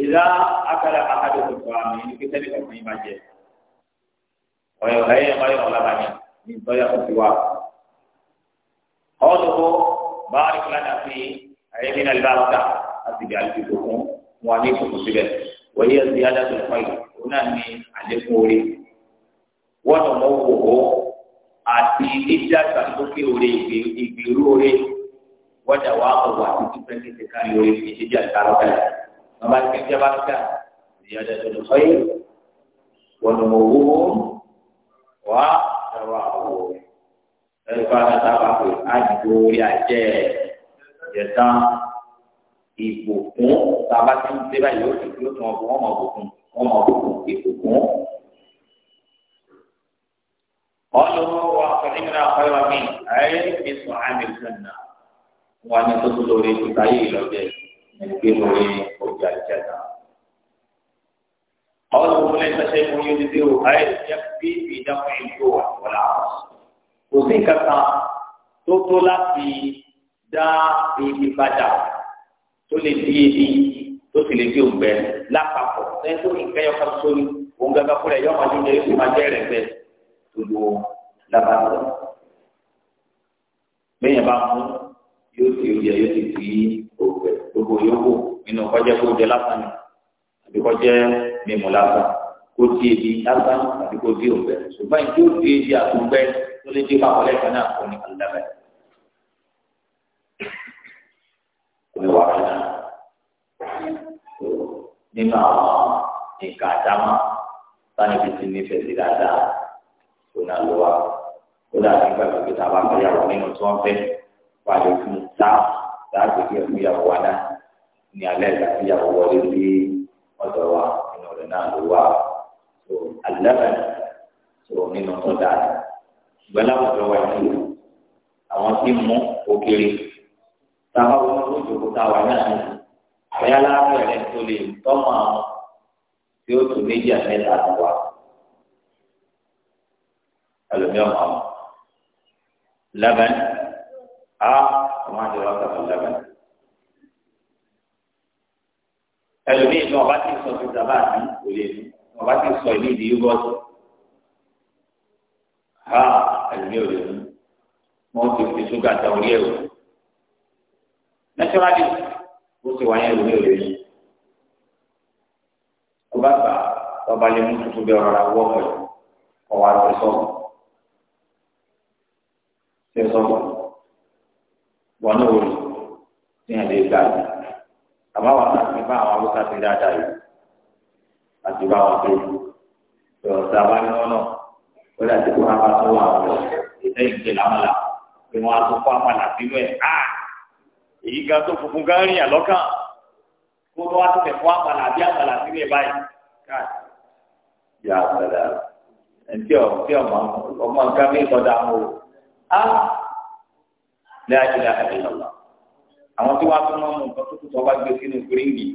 إذا أكل أحدكم طعاما كتب كما يبجي ويهيئ غير لبنه من ضيق سواه قوله بارك لنا فيه ayé nínú àlùbáríkà láti gbé àlùbáríkà fún wọn ní ìkòkò síbẹ̀ wọ́n yẹ ti yáda tó fún yìí òun náà ní àlékún orí wọ́n tó mọ́ wò ó àti ìdàgbà sókè orí ìgbèrú orí wọ́n dà wà ọ̀wọ̀ àti tìpẹ́ tètè kárí orí ìṣèjì àlùbáríkà yìí wọ́n bá ti jẹ́ àlùbáríkà fún yìí wọ́n tó mọ́ wò ó wá dà wà ọ̀wọ̀ ẹ̀rọ ìfowópamọ́ sábà pé àdìgbò orí àjẹ́ ẹ̀ ìjẹta ìbò fún tàbá tí ń dé báyìí yóò ti yóò tún ọkọ wọn mọ òkun wọn mọ òkun ìbò fún. ọlọ́wọ́ wa fẹ́rẹ́mìíràn afẹ́rẹ́ mi ayé mi sọ àmì ìjọba wọn ni tó tó lórí ìgbà yìí lọ́jọ́ ẹgbẹ́ lórí ọjà ìjẹta. قوله ليس شيء يجزئه أي يكفي في دفع الجوع والعطش وذكرت تطلع في dá ebi padà tó lè di ebi tó sì lè di òǹgbẹ lápapọ̀ lẹ́yìn tó ní kẹ́yọ́ kan sórí òun gàgà fúnra ẹ̀ yọ́ máa dín lẹ́yìn tó máa jẹ́ rẹ̀ bẹ́ẹ̀ tó lo lábàtọ̀. bẹ́ẹ̀ bá mú yóò ti oúnjẹ yóò ti fi òǹgbẹ gbogbo yòókù nínú kọjá kó jẹ lásán àbí kọjá mímu lásán kó di ebi lásán àbí kó di òǹgbẹ ṣùgbọ́n ìdí òǹgbẹ àtúngbẹ tó lè dé papọ̀ lẹ́ẹ̀kan náà kò ní kàlẹ́ bẹ́ẹ̀. wíwá náà nínú àwọn nǹkan àdámà sani fi ti nífẹ̀ẹ́ sí dáadáa kò náà lọ wa ó dàbí nígbà gbogbo tá a bá fẹ́ yàwó nínú tí wọ́n fẹ́ wà lè fún tá tá a gbèsè fún yàwó wa náà ní alẹ́ ìgbà tí yàwó wọlé sí ọ̀dọ̀ wa nínú rẹ̀ náà lọ tó alẹ́ tó nínú tó dáadáa ìgbàlá àwùjọ wa yìí àwọn tí mú òkèèrè táwọn ọmọ ìjókòó táwa náà ní àyà láàárọ̀ rẹ̀ tó lè tọ́mọ àwọn tí ó tún méjì àmẹ́ta tó wà ẹlòmíràn àwọn lẹ́bẹ̀n á ọmọ àti ọlọ́kà fún lẹ́bẹ̀n. ẹlòmíràn náà ọba ti sọ fún sábàtì kò lè ọba ti sọ ìlú ìdí yúgọ́tì ha ẹlòmíràn ò lè ti fi ṣúgà tán orí ẹ̀wọ̀n naturally bó ti wà yẹn lómi ò kó bá gbà ọba lè mú tuntun bí ọ̀rọ̀ àwọ̀ ọ̀pọ̀ yìí kọ̀ wá ṣe sọ̀rọ̀ wọn náà wò ní ẹ̀dẹ̀ gbà yìí àbá wà láti bá àwọn awúsá ti dáadáa yìí àti bá wọn tó yìí ọ̀sẹ̀ abáyọ̀ náà ó dàbí kó wọn tó wà wọn lọ ìṣe làwọn là pé wọn á tó kó àpàlà sínú ẹ̀ áà èyí ga tó funfun gan rìn àlọ́kàn kó wá ti tẹ̀ fún àpàlà àbí àpàlà sílẹ̀ báyìí káàkiri. yà á padà ẹtí ọ tí ọmọ ọmọ nǹkan mi sọdọ àwọn o á lẹ́yìn àjẹlẹ àjẹlọlọ àwọn tí wàá tún mọ́ mú nǹkan tó kù tó bá gbé sínú fíríngì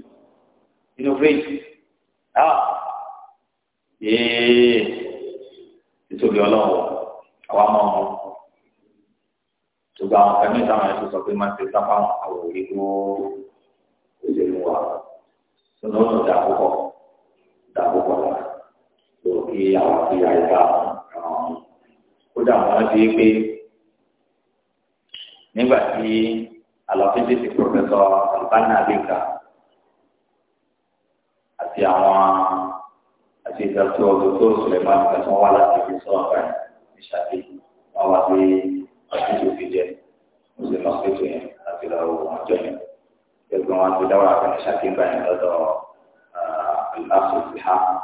sínú fíríngì á yéé nítorí ọlọ́wọ́ àwa máa mú ṣùgbọ́n àwọn kan ní ìtàwọn ẹ̀sùn sọ pé má ti sábà àwọn òyìnbó òṣèlú wa sọ̀nà ọ̀nà dà púpọ̀ dà púpọ̀ dà lókè àwọn àti àyíká àwọn kódà wọn ti pé nígbà tí alọ́fíìsì ti pòfẹ́sọ albana abika àti àwọn àti ìdàtọ̀ ọ̀dọ̀ tó sùlẹ̀ máa ń tẹ̀sán wá láti fi sọ́ọ̀kan ìṣàkíyèsí wọn wá sí. ثم في دورة كان شاكين بين لدو الأصل في الحق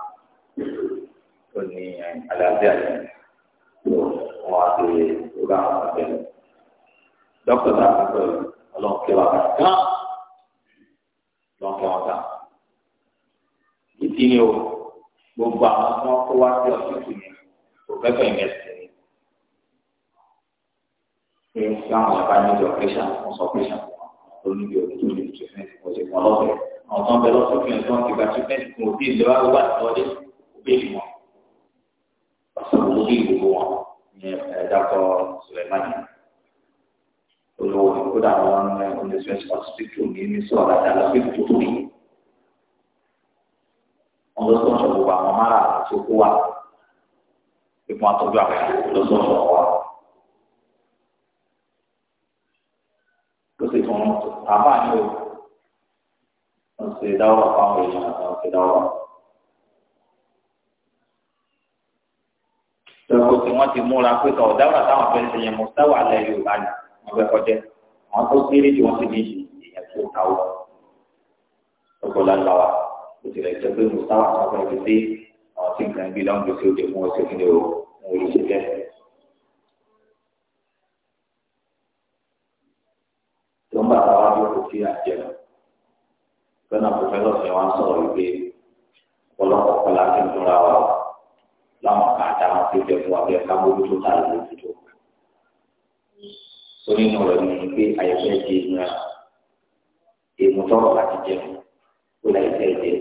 وني على ذلك وفي وقع ذلك دكتور دكتور الله كبار كان الله كبار ìdílé o gbogbo àwọn tí wọn kó wá sí ọsibítù ni pòfẹsọ ìmẹsì ni pé láwọn ẹ̀ka níbi ọpẹṣà wọn sọ ọpẹṣà oníbi òtún lè tún fẹ́ kó lè mọ lọ́fẹ̀ẹ́ àwọn tó ń bẹ lọ́sọ̀ fún ẹ̀sán ti gba tún fẹ́ kó òbí ìlú wa wà lọ́dẹ òbí ìlú wọn ọ̀sán olórí ìlú wọn ní ẹ̀dàkọ̀ sùlẹ̀mánì olówó kódà wọn ní oníṣẹ́sì ọ̀sìpìtì ní ní sọ̀rọ̀ àti àlọ́sìpìtì tó tóbi wọn lọ sọ̀rọ̀ gbogbo àwọn márùn-ún tó kó wa ìfún àtọ́jú àwọn fún àbá ní o wọ́n ṣe dáwọ́ fáwọn èèyàn àwọn ṣe dáwọ́. Ìjọba tí wọ́n ti múra pé tọ̀ dáwọ́ táwọn fẹ́ ṣe yẹn mọ̀ sáwà lẹ̀ Yorùbá ni wọ́n fẹ́ kọjá. Àwọn tó kéré jù wọ́n ti ní èèyàn tó káwọ́. Ọkọ̀ lálẹ́ wa kò tilẹ̀ jẹ́ pé mọ̀ sáwà tó fẹ́ àwọn tí nǹkan bí lọ́nà tó ṣe ó lè mú ọ lọ́nà pòfẹ́sọ̀ fi wá sọ̀rọ̀ wípé ọ̀pọ̀lọpọ̀ kọlá fi ń dúnra wa láwọn kàdá wọn fi jẹ fún wa bí ẹ̀ka mójútó tà lójútó. torí inú rẹ̀ ní pé àyẹ̀fẹ́ di ìnira èèmù tọrọ láti jẹun ó láì fẹ́ jẹ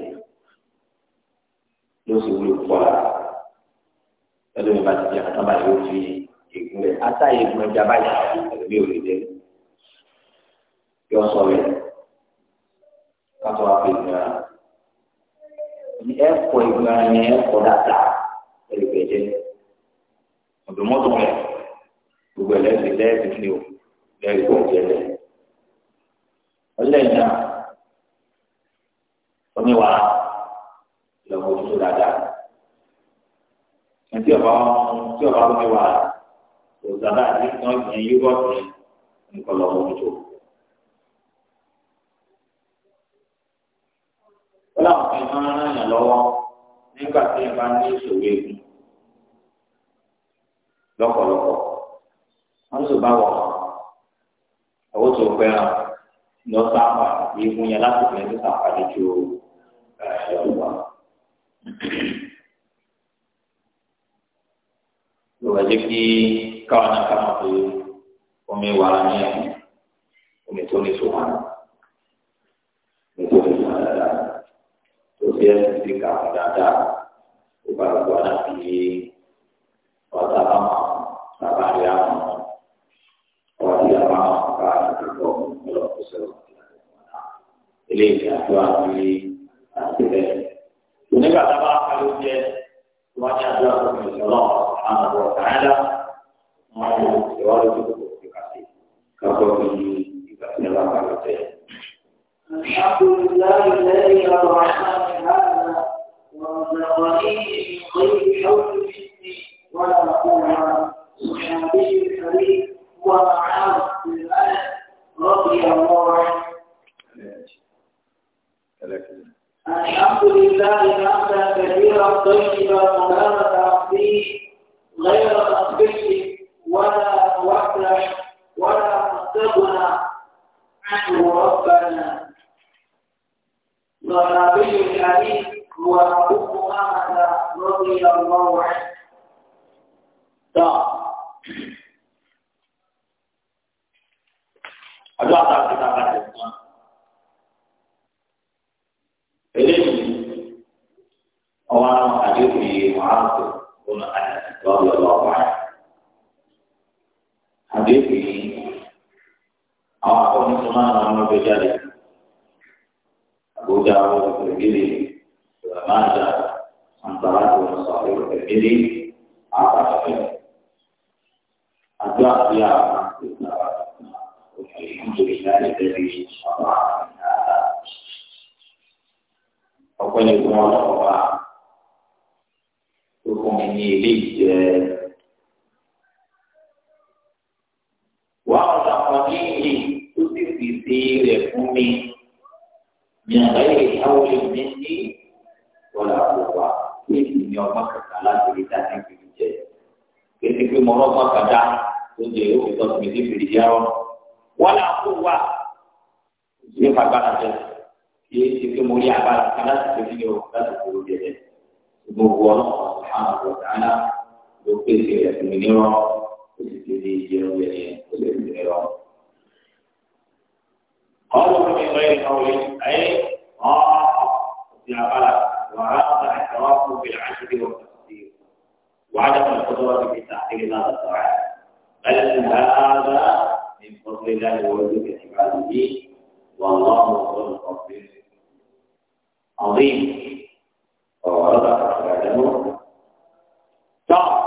yóò sì wúlò púpọ̀ lára ẹlòmíì bá ti jẹ àtàbà yóò fi ègún rẹ̀ átá ègún ẹja báyìí ẹlòmíì ò lè jẹ yóò sọ rẹ̀ kátó wá pé ìgbà ní ẹ̀kọ́ ìgbà yẹn ẹ̀kọ́ dáadáa ẹ̀rẹ̀gbẹ̀jẹ̀ ọ̀dọ́mọ́tò rẹ̀ gbogbo ẹ̀lẹ́sìn lẹ́ẹ̀sìn ni o lẹ́ẹ̀gbẹ̀jẹ̀ rẹ̀ ọlẹ́yìn náà oníwà lọ́wọ́ tó dáadáa ẹtí ọba tí ọba oníwà kò sábà ní kí wọ́n yẹn yúgọ̀tì nǹkan tó. láwọn fi máa ń ràn yàn lọ́wọ́ nígbà tí ẹ bá ní ìṣòro egun lọ́pọ̀lọpọ̀ wọ́n sì bá wọ̀ ọwọ́ tó fẹ́ràn lọ sáfà egun yẹn láti fẹ́ ní sàfàdé ju ẹ̀ẹ́dọ́gba. lọ́wọ́ jẹ́ kí káwọn náà ká máa fi omi wàrà ní ẹ̀mí omi tó ní sùn náà. kemudian ketika berada kepada Tuhan Nabi Wata Lama Kata yang Wata yang Maka Dukung Belum Kusul Ini Tuhan Nabi Nabi Ini kata Maka Lumpia Tuhannya adalah Pemilik Allah Subhanahu Wa Ta'ala Mau Diwali Cukup Dikasih Kalau ini Tidak Tidak Alhamdulillah Alhamdulillah وزوائه غير حول مني ولا قوة صحابي الحبيب ومعاذ بن انس رضي الله عنه الحمد لله حمدا كثيرا طيبا مباركا فيه غير مصبح ولا موحد ولا مستغنى عنه ربنا صحابي الحبيب هو أم أحمد رضي الله عنه Ọjọ́ àtàkùn náà bá ti sùn. Eléyìí, ọwọ́ àwọn àdéhùn yìí wọ́n á tó fún àtàkùn lọ́wọ́ wá. máa ń lọ ọmọ ọgbẹ́ jáde. Àbújá ọmọ ìgbélé yìí remaja antara dua sahih berdiri apa saja. Ada yang masih dapat menghindari dari Allah. Pokoknya semua orang hukum ini dia Wah, tak ini, tuh di sini, kumi, yang baik, awal ini, wọ́n là ini wá méjì ní ọgbọ́n yang láti rí dá níbi jẹ. Kété pé mo rọ́gbọ́n kàdá tó jẹ òfin tó ti fi fìdí yàrá. Wọ́n là wò wá ní fagbára jẹ. Kìí ṣe pé mo rí agbára kan láti ini ní o láti fi ro jẹjẹ. Gbogbo ọlọ́run àwọn ọ̀gá dáná ló pèsè ẹ̀sìn nírọ̀ ó sì ti وعرض اعترافه بالعجب والتقصير وعدم القدرة في تحقيق هذا الطاعات بل هذا من فضل الله ووجود عباده والله هو الفضل عظيم وعرض اعترافه طب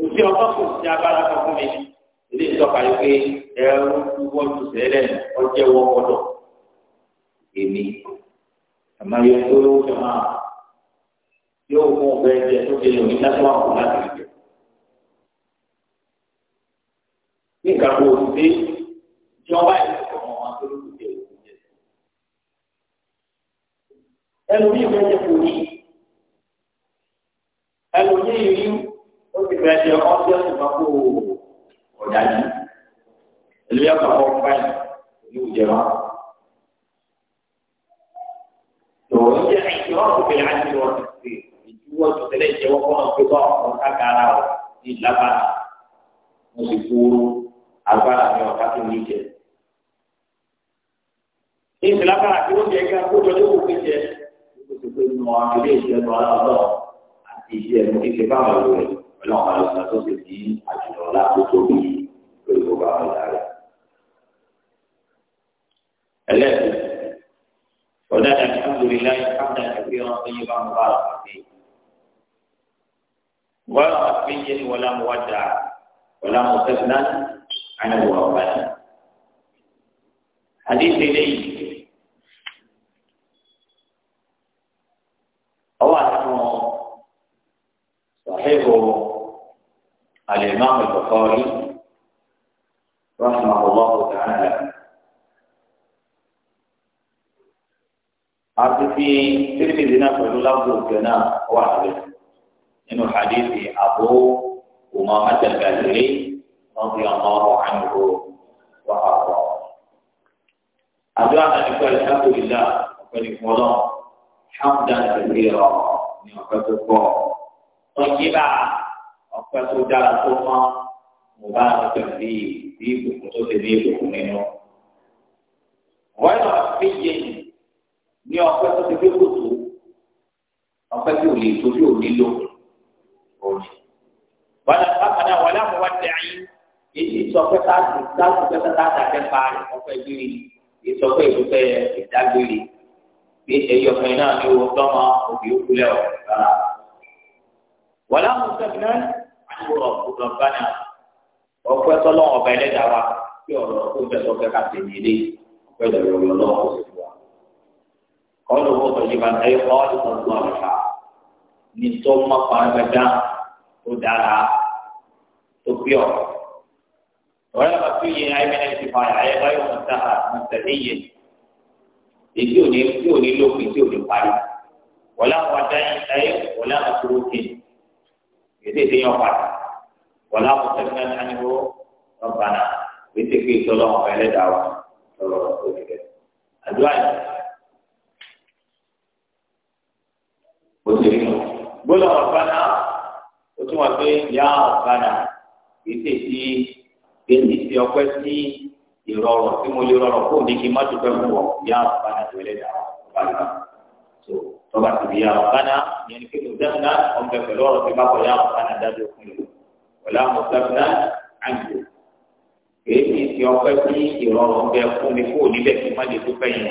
وفي الله سبحانه وتعالى ilé ìtọ́ka yìí pé ẹrú wọ́n ju sẹ́lẹ̀ ọjẹ́ wọ́pọ̀lọ́ èmi àmọ́ yóò tó máa yóò mú ọbẹ̀ jẹ tó ṣe lòmí láti wà kó láti jẹ. ní nǹkan kó o ti dé ìjọba ọmọ wọn tó lóko jẹ òkú jẹ. ẹlòmíì fẹ́ jẹ kò ní ẹlòmíì rí ó ti fẹ́ jẹ ọ́njẹ́ ìgbàgbọ́ ọ̀dájú ẹlòmíì àkàkọ́ fáìn ní òjẹ̀rọ̀. وهي اعتراف بالعدل والتقدير ìdúró tẹlẹ ìjẹwọ kọ́nà pé bá ọkùnrin kákàrà ọ ní lábàrà mo sì fúru agbára mi ọ̀ká tó ní jẹ. ní ìsìlábàrà tí ó jẹ kí akójọ tó kù jẹ ó sì pé mọ ilé ìṣẹ́ lọ lọ́dọ̀ àti iṣẹ́ ẹ̀mú kíkẹ́ báwọn ìlú rẹ̀ pẹ̀lú àwọn àlùfáà tó sì ní àjùlọ lákòókò bí lórí gbogbo àwọn ìlà rẹ̀. ẹlẹ́ẹ̀kejì ولا الحمد لله حمدا كثيرا طيبا مباركا فيه غير مكفي ولا مودع ولا مستغنى عنه ربنا حديث إليه الله أنه صحيح الإمام البخاري رحمه الله تعالى ati fi tìrìmìtì náà pẹ̀lú lábúrò kan wà lẹ́ nínú hadithi Abu Umama al-Bahili radiyallahu anhu wa arda. àdúrà náà nípa alhamdulillah ọ̀pẹ̀lú fọlọ́ hamdan kathira ní ọ̀pẹ̀ tó pọ̀ tọ́jìbà ọ̀pẹ̀ tó dára tó mọ́ bá a bí مبارك فيه في بكتب ذي بكمنه ولا في ní ọpẹ́ tó ti gbé kòtò ọpẹ́ tí ò lè tó tí ò nílò òní. wọn àkàdá wọn láwọn wá tẹ ayé èyí sọpẹ́ táàtì táàtì pẹpẹ táàtì àtẹpá rẹ ọpẹ́ gbére èyí sọpẹ́ ìdúpẹ́ ìdágbére bí èyí ọpẹ́ náà ní owó tọmọ òbí òkúlẹ ọ rárá. wọn láwọn sọpẹ́ náà àyùrọ ọdọ bánà ọpẹ́ tọlọ ọbẹ ẹlẹdàá wa tí ọ̀rọ̀ tó tẹ ní ilé ọpẹ́ lọ́rọ̀ lọ́wọ́. قوله طيبا أي خالصا صالحا نتوما قربدا ودارا تبيو ولا مكفي أي من الكفاية أي غير منتهى منتهي يجوني يجوني لوك يجوني قاري ولا وداعي أي ولا متروك يجي يوقع ولا مستغنى عنه ربنا يتكي صلاه على دعوة صلى الله عليه وسلم أدوان ó sì rí nù gbọ́dọ̀ ọ̀bánà ó tún wà pé yá ọ̀bánà ètè tí èyí ti ọpẹ́ sí ìrọ̀rọ̀ tí mo lè rọrọ̀ kó ní kí n má dúpẹ́ fún ọ yá ọ̀bánà tó lè dà ọ̀bá yá tó tọ́ba ti di yá ọ̀bánà yẹn ni kí n dẹ́kun ọ̀bẹ pẹ̀lú ọ̀rọ̀ tí bá kọ yá ọ̀bánà dájú fún mi wọlé àwọn dẹ́kun àjò èyí ti ọpẹ́ sí ìrọ̀rọ̀ ọ̀bẹ fún mi kó níbẹ̀ kí n má lè dúpẹ́ yẹn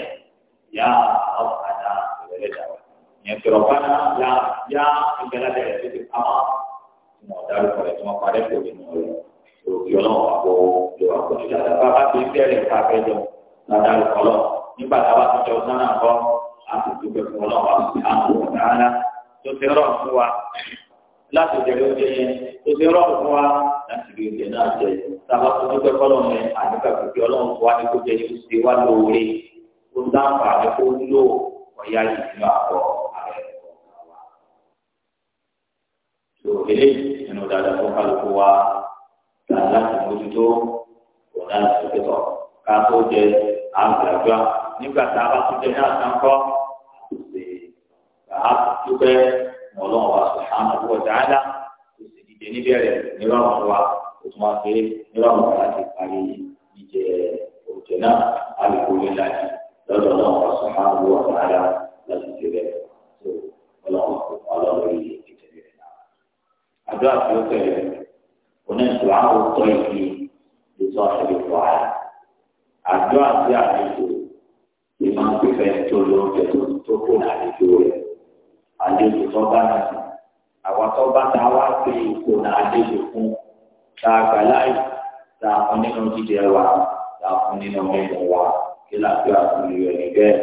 yá ọ̀bánà yẹn tọrọ fana ya ya ìgbẹ́lá bẹ̀rẹ̀ tó ti kama tí wọ́n darí kọ̀rẹ́ tí wọ́n parẹ́ kò nínú rẹ̀ òkè ọlọ́wọ́ àpò ìwà kò ní dáadáa bá bá ti bẹ̀rẹ̀ ká fẹ́ jọ ládàrí kọlọ̀ nígbà tá a bá tún jọ sánà kọ́ a sì dúpẹ́ fún ọlọ́wọ́ àpò ìdáná tó ti rọ̀ fún wa láti jẹ̀rẹ̀ oúnjẹ yẹn tó ti rọ̀ fún wa láti rí oúnjẹ náà jẹ sábà tó dúpẹ́ kọ́lọ̀ yẹn àdúgbà kòkè ọlọ́wọ́ wa ní kó jẹ yóò ṣe wá lóore kó dáhùn àdúgbò lò ọ̀yá yìí fún àpọ̀ eléyìí nínú dáadáa tó kálukú wa là láti mójútó kò náà lè sókè tọ̀ jẹ àgbàgbà nígbà tá a bá tún jẹ ní àtàkọ́ àtúnṣe àtúnṣe ọlọ́run wa sùhánà owó dáadáa tó sì dìde níbẹ̀rẹ̀ nírọ̀rùn wa tó tún wá pé nírọ̀rùn wa láti parí jíjẹ òjò náà àlùkò yẹn jẹ́ wa làákùn nínú ọmọ ìlú wa kí làákùn àtúnyẹ̀wò ẹni bẹ́ẹ̀.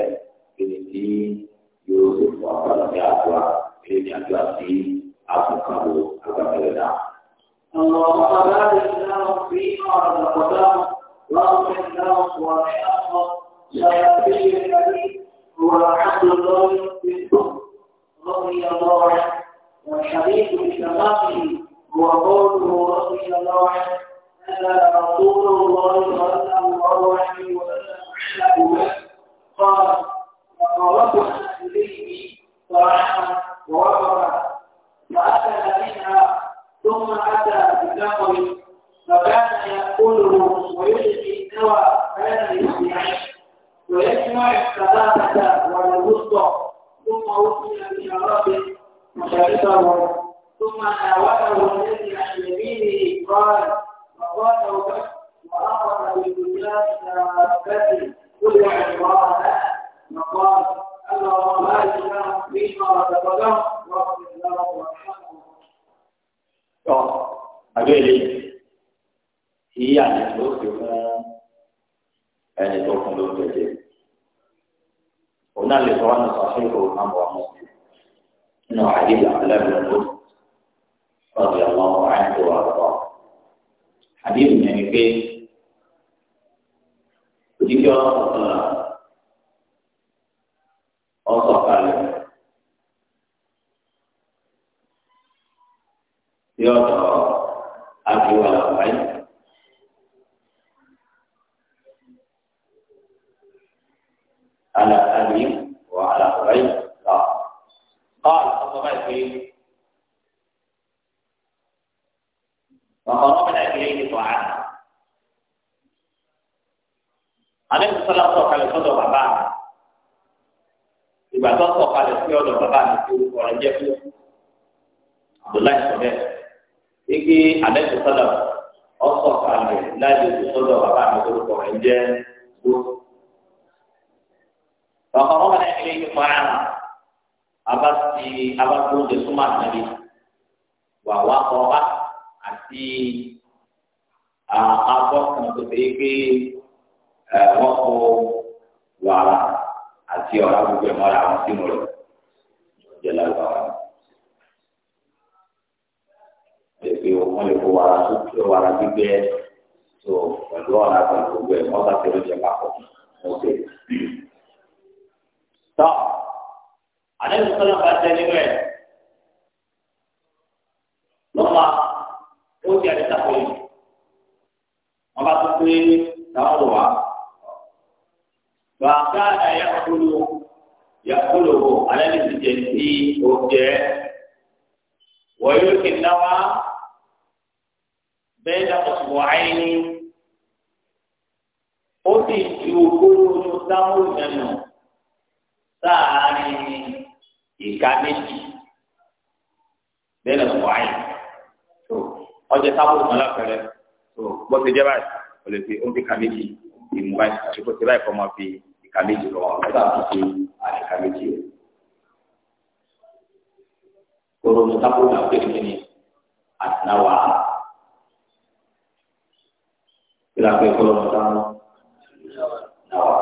abdullahi sọbẹ ike alẹsẹ sọdọ ọsọ kalẹ láti ẹsẹ sọdọ bàbá mi tó kọ ẹ jẹ gbó bàbá wọn bá ẹgbẹ yìí fún ara abá ti abá tó oúnjẹ súnmọ́ àtàlẹ wà wá kọ ọba àti abọ́ kan tó ṣe é pé wọn kọ wàrà àti ọ̀rá gbogbo ẹ̀ mọ́ra wọn sínú rẹ̀ jẹ́ lágbára. tẹ̀sí wọn lè kó wàrà sókè wàrà gbígbẹ tó pẹ̀lú ọ̀rá pẹ̀lú gbogbo ẹ̀ wọ́n bá ti lóúnjẹ papọ̀ ok. tọ́ àlẹ́ mi sọ́nà bá jẹ́ nínú ẹ̀ lọ́mọ ó jẹ́ àdìsàkó yìí wọ́n bá tún pé táwọn lò wá. وكان يأكل يأكله على الجنسي وجه ويلقي النوى bẹ́ẹ̀ dàpọ̀ ṣùgbọ́n àìní ó sì ju ogójì sáwọn ìyànnà sáàárín ìka méjì bẹ́ẹ̀ dàpọ̀ ṣùgbọ́n àìní ọjọ́ sáwọn ìmọ̀lá pẹ̀lẹ́ bó ṣe jẹ́ báyìí o lè fi ó ń fi ka méjì ìmú báyìí àṣekò ṣe báyìí kọ́ fi ìka méjì lọ́wọ́ ọ̀gá àti àìka méjì rẹ̀. Kòròmù sábò náà pè ní àtìnáwá la pe kolo mutano nawa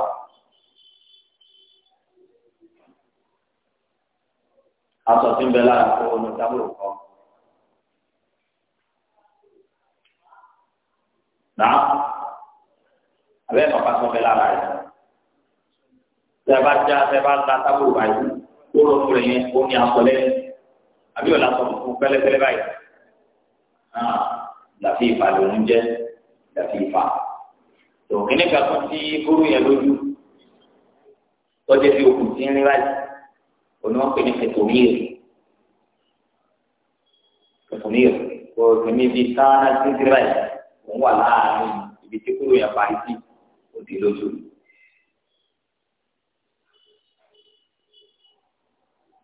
aso tin bela ko no taburu ko na abe no paso bela ra ya tẹ bá já tẹ bá ta tábìlì báyìí kó ló ń rè yín kó ní aṣọ lẹ́yìn àbí ọ̀la sọ fún pẹ́lẹ́pẹ́lẹ́ báyìí láti ìbàdàn oúnjẹ dàfífà tó kíní kan tún ti kúrú yẹn lójú tọ́jú bí okùn tí ń rí wáyé oníwọ̀n pè ní kẹtòmíìrì kẹtòmíìrì kò kẹmí bíi sáánà tí ń rí wáyé òun wà láàárín ibi tí kúrú yẹn parí sí òdì lójú.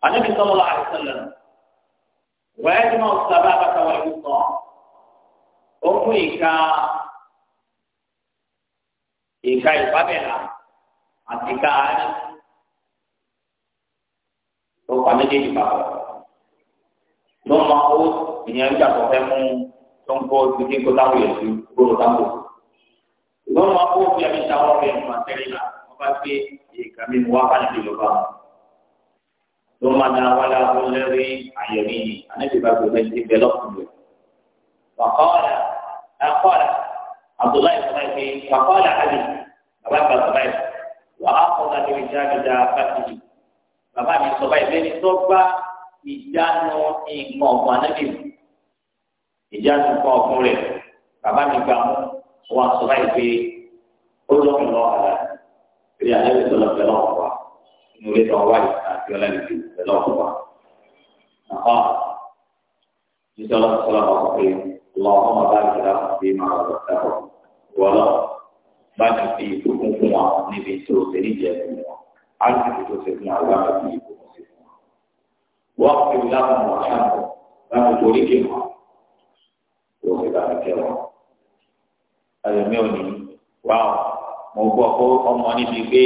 النبي صلى الله عليه وسلم ويجمع السبابة والوسطى أمريكا ìka ìbábẹ̀là àti ìka àárí tó pa méjèèjì papọ̀ ló mọ owó ìyẹn ń jàpọ̀ fẹ́ mú tó ń kọ́ títí kó táwọn yẹn ti gbóró táwọn ló mọ owó fi àmì ìtawọ́ rẹ̀ nípa tẹ́lẹ̀ la wọ́n bá gbé ìka mímu wá bá níbi yorùbá ló mọ náà wálé àwọn lẹ́rí àyẹ̀rí yìí àníbi bá gbé bẹ́ẹ̀ ti bẹ́ẹ̀ lọ́kùnrin. wàhálà ẹ̀kọ́ rẹ̀. عبد الله بن سبعي فقال علي بابا سبعي وأخذ برجال دابته bàbá mi sọ báyìí lẹ́ni tó bá ìjánu nǹkan ọ̀gbọ́n anábì mu ìjánu nǹkan ọ̀gbọ́n rẹ̀ bàbá mi gbà mú wọn sọ báyìí pé ó lọ́kùn lọ́wọ́ àlá ìrìn àlẹ́bí tó lọ fẹ́ lọ́wọ́ wa inú ilé tó wá yìí àti ọlẹ́bí tó fẹ́ lọ́wọ́ wa. Nàá ìjọba sọlá wà pé. اللهم بارك لهم فيما رزقتهم ولا بارك في حكمكم نبي سوسري جاكم عزك توسفنا وبارك في حكمكم واغفر لهم وارحمهم لهم تريكهم وباركهم ẹlẹmi òní wá mo gbọ́ kó ọmọ níbi gbé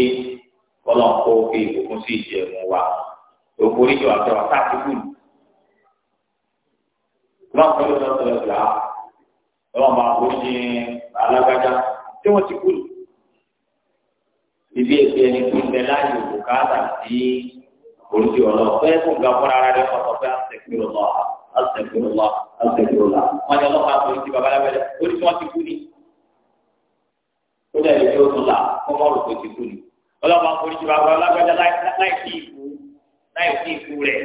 kọlọ kó fi ìbùkún sí ìjẹun wa òkú oríṣi àti ọtá àti kùnú wọn kọ́ ló sọ̀rọ̀ sọ̀rọ̀ sọ̀rọ̀ ọlọ́run máa bó ní alágbájá tí wọ́n ti kú ibi èsì ẹni tó ń bẹ láàyè bùkátà sí oríṣi ọ̀nà bẹ́ẹ̀ fún ga fún ara rẹ̀ ọ̀sọ̀ pé àṣẹkùrọ̀lọ́ àṣẹkùrọ̀lọ́ àṣẹkùrọ̀lọ́ wọn ni ọlọ́pàá tó ń ti bàbá lábẹ́rẹ́ ó ní tí wọ́n ti kú ni. ó dẹ̀ lè tó tún là fún mọ́rù tó ti kú ni. ọlọ́pàá oríṣi bàbá lágbájá láì sí ìkú rẹ̀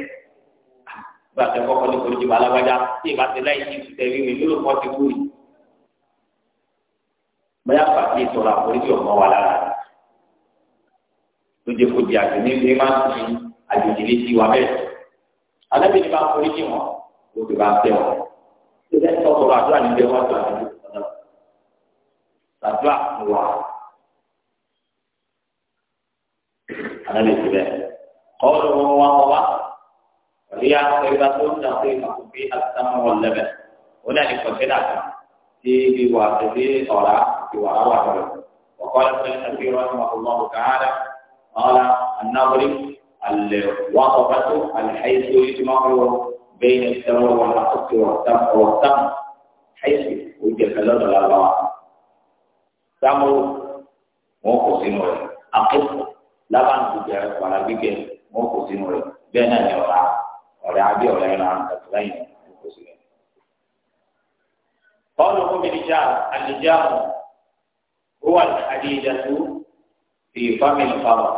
gba tẹ kọkọ ní kojú bá alágbájá tí ìbá ti láì ní ìtútẹ wíwí lórí kọ́ ti kú yìí. bóyá pàtí ìtura àforíjì ọmọ wa lára lóde kò di àjò ní ilé máa ń fi àjòjì lé sí wa bẹ́ẹ̀. alábìíní bá foríjì wọn ló fi bá tẹ wọn. ṣé bẹ́ẹ̀ tọ́ sọ̀rọ̀ àdúrà nílé wọn tó àdúrà nílé wọn àdúrà ń wà. alábìíní bẹ́ẹ̀ kọ́ ló الرياح طيبة نصيبة فيها السمع واللبن هنالك خلاف في بواسطة طلع في وراء وقال ابن الحسير رحمه الله تعالى قال النظر الوصفة الحيث يجمع بين التمر والحق والسمع والسمع حيث وجد كلام الأربعة سمع موقف سنوري أقف لبن بجاء ولا بجاء موقف سنوري بين الأربعة ọ̀rẹ́ adé ọ̀rẹ́ ẹran àti lẹ́yìn kò sílẹ̀. قوله بالرجال الرجال هو الحديدة في فم القمر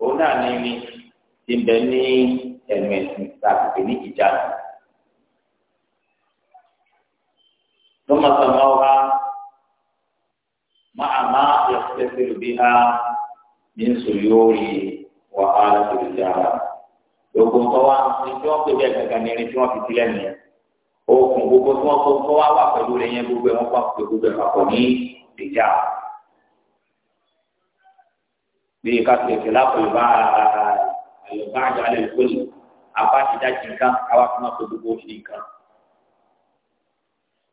هنا نيني تبني المسلم تبني إجال ثم سموها مع ما يختصر بها من سيور وآلة الرجال oògùn tó wá ní tí wọ́n pè bẹ́ẹ̀ gàgàn ní irin tí wọ́n fi sílẹ̀ nìyẹn oògùn gbogbo tí wọ́n kó tó wá wà pẹ̀lú rẹ̀ yẹn gbogbo ẹ̀ wọ́n pa gbogbo ẹ̀ papọ̀ ní ìjà bí ká ti ẹ̀sẹ̀ lápò ìbá àyọ̀bá àjọ alẹ́ ìkólì apá ti dájú nǹkan káwá fún ọ̀pọ̀ gbogbo òfin nǹkan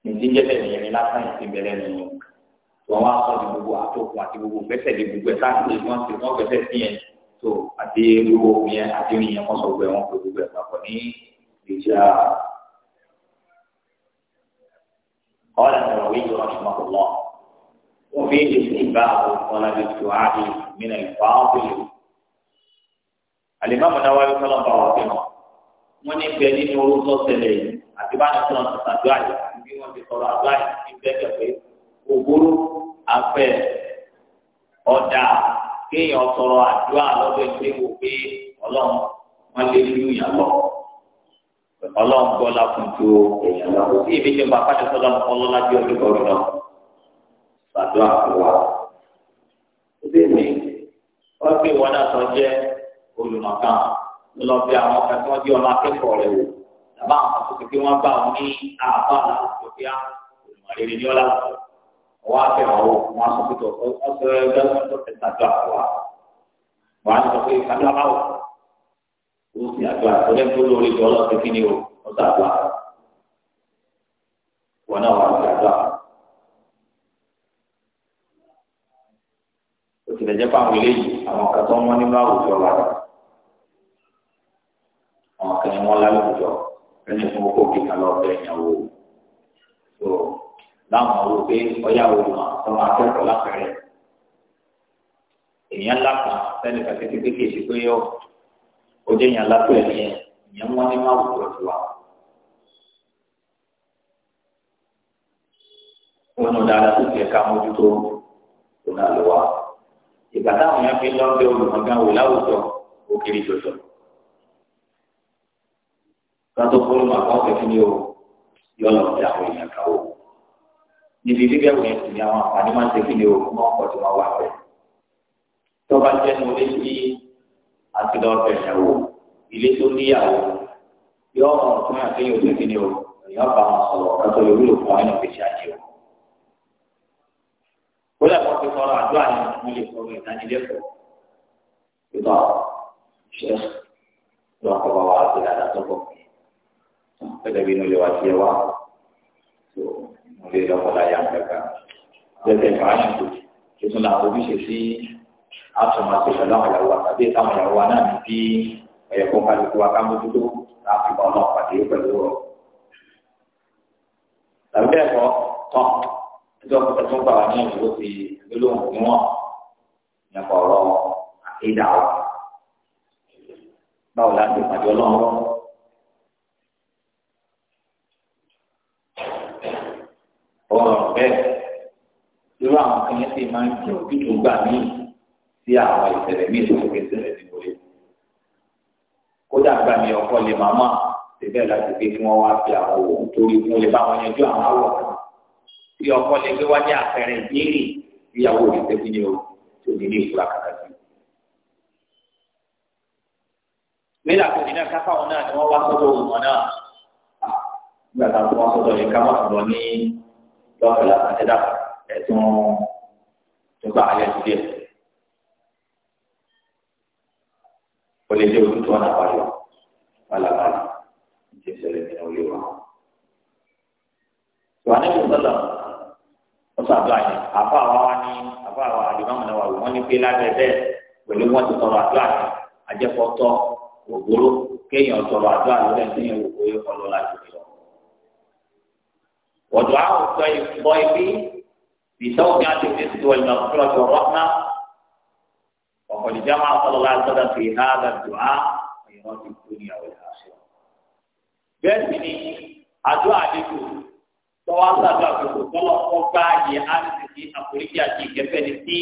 ìdíjẹ́ bẹ́ẹ̀ nìyẹn ní lásán ìsìnbẹ̀rẹ̀ nìyẹn wọ́n wá sọ di gbogbo àtòkùn àti gbogbo gbẹ́sẹ̀ di gbogbo ẹ̀ káàkiri tó àti wíwo yẹn àti rìn yẹn kọ́sọ̀ gbẹ wọn kò gbogbo ẹ̀ papọ̀ ní ìjà. قال النووي رحمه الله وفيه استحباب طلب الدعاء من الفاضل الإمام النووي صلى الله عليه وسلم من يبني نور صلى àti bá ní sọ̀rọ̀ sọ̀rọ̀ àdúrà yìí bí wọ́n ti sọ̀rọ̀ àdúrà yìí ní bẹ́ẹ̀ pé òbúrú afẹ́ ọ̀dà kéèyàn sọ̀rọ̀ àdúrà lọ́dọ̀ ẹgbẹ́ wo pé ọlọ́run wọn lè lu ìyàlọ́ ọlọ́run gbọ́ lákùn ju èèyàn lọ sí ibi tí bàbá ti sọ́dọ̀ ọlọ́lá bí ọdún kọrin lọ ṣàdúrà fún wa. Bẹ́ẹ̀ni, wọ́n gbé wọn náà sọ jẹ́ olùmọ̀kan lọ́bí àwọn kan tí wọ́n jẹ́ ọmọ akẹ́kọ̀ọ́ rẹ̀ wò tàbá àwọn kan tó ti wọ́n bá wọn ní àbá àlàáfíà ah, olùmọ̀lẹ́rẹ́ wọ́n á fẹ́ wọn wò wọ́n á sọ pé tó ọ̀sẹ̀ ẹgbẹ́ wọn tó fẹ́ tàdó àkọ́wà wọ́n á sọ pé tàdó àbáwò ó sì àdó àtọ́lẹ́ tó lórí ìjọ ọlọ́sẹ̀ kí ni o ó tàdó à wọn náà wà á sì àdó à. ó ti lẹ̀ jẹ́ pàmò eléyìí àwọn kan tó ń wọ́n nínú àwùjọ wa àwọn kan ni wọ́n lálẹ́ àwùjọ ẹni fún owó kò kíkan lọ́ọ́ bẹ́ẹ̀ yẹn wò ó láwọn owó pé ọyá wo mà tọmọ akẹ́kọ̀ọ́ lápẹrẹ èèyàn ńlá kan sẹni kan títí pé kéèké pé yọ ó jẹ èèyàn ńlá pẹ̀lú yẹn ìyẹn wọn ní má wùdọ sí wa. wọn nù dáadáa tó tiẹ̀ ká mójútó tó náà lọ wa ìgbà táwọn yẹn fi lọ́ọ́ olùmọ̀gán wò láwùjọ ó kiri jọjọ. ká tó fọ́lùmọ̀ àkọ́kẹ́ kí ni o yọ lọ́ọ́ fi àwọn èèyàn kà níbi bíbẹ̀ wọ̀nyí sì ni àwọn àǹfààní máa ń ṣe kíni o mọ́ ọ̀pọ̀ tí wọ́n wà bẹ́ẹ̀. tó bá jẹ́ ní orí sí àtìlọ́ọ̀fẹ́ yẹn wò ilé tó níyàwó yọ ọ̀rọ̀ fún àkéyìn òṣè kíni o èèyàn bá wọn sọ̀rọ̀ kátó lórí òfin àwọn ènìyàn fèsì àjẹ o. ó lẹ́kọ̀ọ́ fi sọ̀rọ̀ àdúrà ni mo lè sọ̀rọ̀ ìdánilẹ́kọ̀ọ́ ìgbà lè lọ́kọ̀láyà mẹ́ta lẹ́sẹ̀ fàáṣì tó tún náà ojúṣe sí àtúnmáṣe pẹ̀lú àwọn ìyàwó àtàbí táwọn ìyàwó náà ní bí ẹ̀yẹ̀kọ́ kálukú akámójútó láti bá ọlọ́ọ̀ pàdé pẹ̀lú rọ̀. tàbí bẹ́ẹ̀ kọ́ tán ẹjọ́ ẹ̀tún gbà wá ní ìdúró ti gbólóhùn fún wọn nípa ọ̀rọ̀ àkéjà wa. báwo láti pàdé ọlọ́run èèyàn ti máa ń jẹ ojútùú gbà mí sí àwọn ìṣẹ̀lẹ̀ mí ìṣẹ̀lẹ̀ ìṣẹ̀lẹ̀ ní wọlé. kódà gbà mí ọkọ lè màmá síbẹ̀ láti pé kí wọ́n wá fi àwọn òun torí wọn lè bá wọn yanjú àwọn àwọ̀ tí ọkọ lè gbé wá ní àpẹẹrẹ ìbéèrè ìyàwó rẹ̀ tẹ́bí ni o tó ní ilé ìfura kàkà sí. Bẹ́ẹ̀ni àkójọ náà kápá náà ni wọ́n wá sọ́dọ̀ òun wọn náà. Nígbà táwọn wá sọ́dọ̀ yìí ká wọ́n sọ̀rọ̀ ní lọ́kọ̀ọ́lá ẹ̀sùn nígbà ayé díẹ̀ ó lè dé ojú tó ọ̀nà àbáyọ balabala ìdí ìṣẹ̀lẹ̀ nínú ilé wa. wàá ní ìṣẹ̀lẹ̀ wọ́n ṣàdúrà yẹn àfa àwa wa ní àfa àwa àdìmọ́mù náà wà wí wọ́n ní pé lábẹ́ bẹ́ẹ̀ pẹ̀lú wọ́n ti sọ̀rọ̀ àdúrà yẹn àjẹpọ̀tọ́ ògbóró kéèyàn sọ̀rọ̀ àdúrà lórí ẹ̀ sẹ́yìn ògbóró ọlọ́lá jùlọ. wọ́n dùn á بشوكة الرزق والمغفرة والرحمة وقد جمع صلى الله عليه وسلم في هذا الدعاء خيرات الدنيا والآخرة بأسني أدعى لكم tọwọ́sà tó àgbẹ̀kọ̀ tọ́lọ̀ kọ́ bá yẹ àdìsí àforíjì àti ìkẹfẹ́ ni tí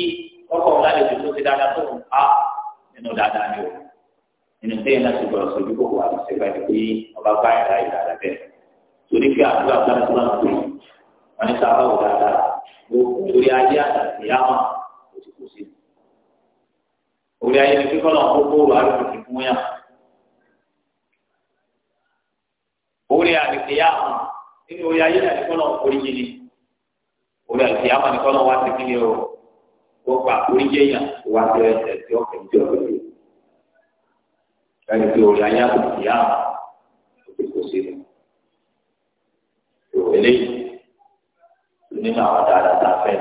ọkọ̀ ọ̀làlejò tó ti dáadáa tó ń pa nínú dáadáa ni o nínú tẹ́yìn náà ti gbọ́dọ̀ sójú kókó àti ṣẹ́gbà ni pé ọba bá yàrá ìdáadáa bẹ́ẹ̀ torí pé àdúrà bá ń tó ń pè wọ́n ní sábà wò dáadáa orí ayé àtàkìyàmà kò sí kò sí. orí ayé ni kíkọ́ náà kókó rà ló ti fún yà. orí àtàkìyàmà nínú orí ayé náà kíkọ́ náà kórí yìí ni orí àtàkìyàmà kíkọ́ náà wá sí kí ni o gbogbo àkórí yẹ̀yà wá sí ẹsẹ̀ tí ó kẹ̀ ń jẹ́ ẹni tí orí ayé àtàkìyàmà kò sí kò sí. eléyìí nínú àwọn dáadáa tá a fẹ́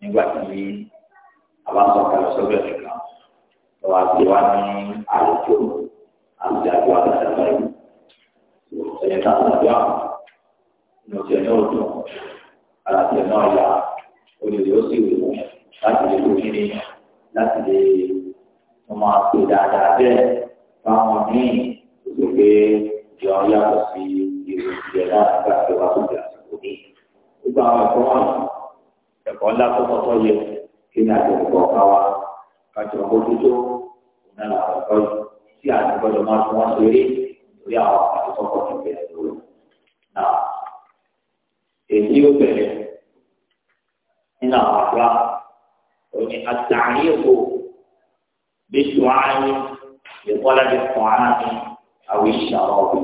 nígbà tí àbá sọ kalẹ̀ sọ́gbẹ̀ nìkan lọ́wọ́ àti wá ní àlùjọ àti àjọ àdàdà báyìí ẹ̀yẹ tá a sàdó àwọn ní ọ̀sẹ̀ náà dùn àlàtẹ̀ náà yá olùdí ó sì wù láti lè lóyún ní láti lè ọmọ àpè dáadáa bẹ́ẹ̀ fáwọn míì òṣèlú ìjọ yàtọ̀ sí ìròyìn ìjẹ̀dá àti àti ọba tó jẹ́ àsìkò yìí gbogbo àwọn ẹ̀kọ́ wà ẹ̀kọ́ ńlá tó kọ́kọ́ yẹ kí ní àti ẹ̀kọ́ ọ̀ká wa kájọ bójútó ọ̀nà làwọn ẹ̀kọ́ yìí tí àti gbọ́dọ̀ máa fún wọn ṣeré lórí àwọn àti sọ́kọ̀ tó bẹ̀rẹ̀ lórí. náà èyí ó bẹ̀rẹ̀ nínú àwọn àgbà òní àtàríyèkó bí tùwáyé ìkọ́lájú tùwáyé àwọn ìṣàrọ̀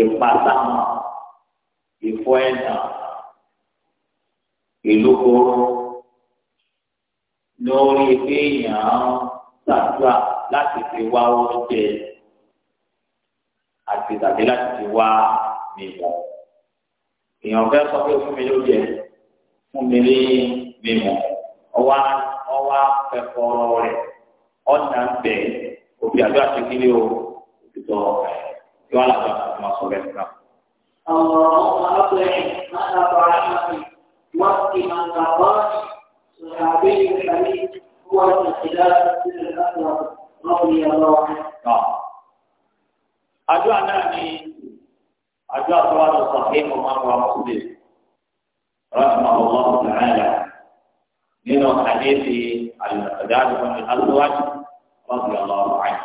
ìpàtàmọ́ ìfọ ẹ̀nà ìlú koro lórí kéèyàn ṣàdúrà láti fi wá oúnjẹ àti tàbí láti fi wá mímọ́ èèyàn fẹ́ sọ pé fún mi ló fún mi ní mímọ́ ọwá ọwá ẹ̀kọ́ rẹ̀ ọ̀nà bẹ̀ òbí àdúrà ti kílé o òbí tọ̀ ẹ̀ kí wọ́n làbà fún ọmọ sọ̀rọ̀ ẹ̀ náà. اللهم أطعم من أطعمني واسق من أعطاني صحابي الحبيب هو الخلاف في الأسود رضي الله عنه àjọ àná ni àjọ àtọwà lọ sọ pé mo máa ń wà mọ́sídẹ̀ rọ́ọ̀mọ́ ọlọ́run tààlà nínú àdéhì àlùfàdà àdùnkànmí alùwájú rọ́ọ̀mọ́ ọlọ́run àyè.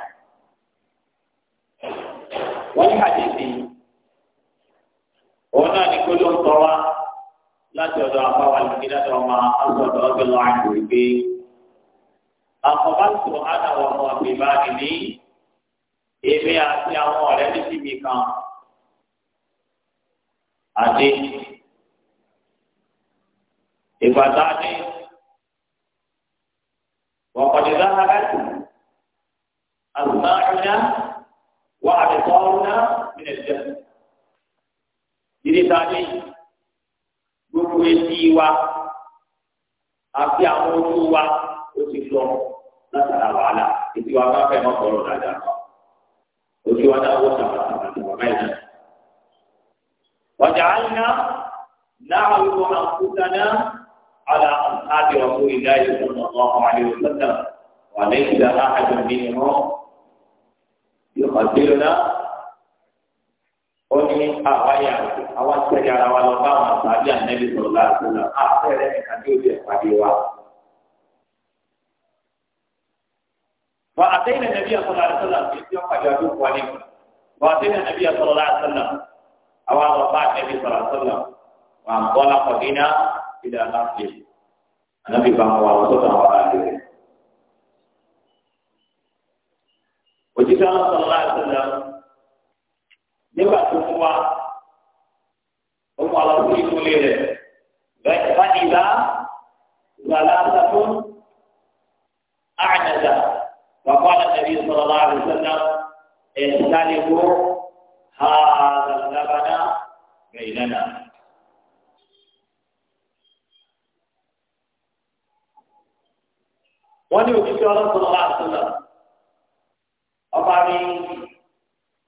wọ́n ní àdéhì wá láti ọ̀dọ̀ àpáwà lùkì láti ọmọ àgbọ̀dọ̀ ọ̀gbẹ̀ lọ àìkú ìgbé. àkọ́bá sọ àdáwọ̀ ọmọ ọ̀gbẹ̀ ìbáàdì ní èmi àti àwọn ọ̀rẹ́ méjì mi kan. àdé ìgbà tá a dé wọ́n kọ́ni láhàrá àgbáyé wà á lè tọ́ ọ́ nílẹ̀ jẹ́. ìdí tá a gbogbo etí wa àti àwọn ojú wa ó ti lọ látara wàhálà etí wa bá fẹ́ mọ́kànlọ́ dáadáa ojú wa náà wọ́n sàmàtàmà ní wàhálà yìí. وجعلنا نعرض أنفسنا على أصحاب رسول الله صلى الله عليه وسلم وليس أحد منهم يقتلنا ó ní àwáyà àwọn sẹ́yà ara wa lọ bá àwọn àtàbí ànẹ́bí sọ̀rọ̀ láti lọ àpẹẹrẹ nìkan tí ó jẹ ìpàdé wa. وأتينا النبي صلى الله عليه وسلم في يوم فجاءوه وليم وأتينا النبي صلى الله عليه وسلم أو رفع النبي صلى الله عليه وسلم وانطلق بنا إلى نخل النبي بما ورسوله وآله وجزاه صلى الله nígbà tó fún wa ó mú àwọn tó yìí rẹ̀ bẹ́ẹ̀ bá ìlà ìlàlá sàtó àjàjà wàkọ́ àlàyé sọ̀rọ̀ láàrin sọ́nà ẹ̀ńdálẹ́gbó ha làlábàdà bẹ̀yìnàna. wọ́n ní òṣìṣẹ́ ọlọ́sọ̀rọ̀ láàrin sọ́nà ọba ní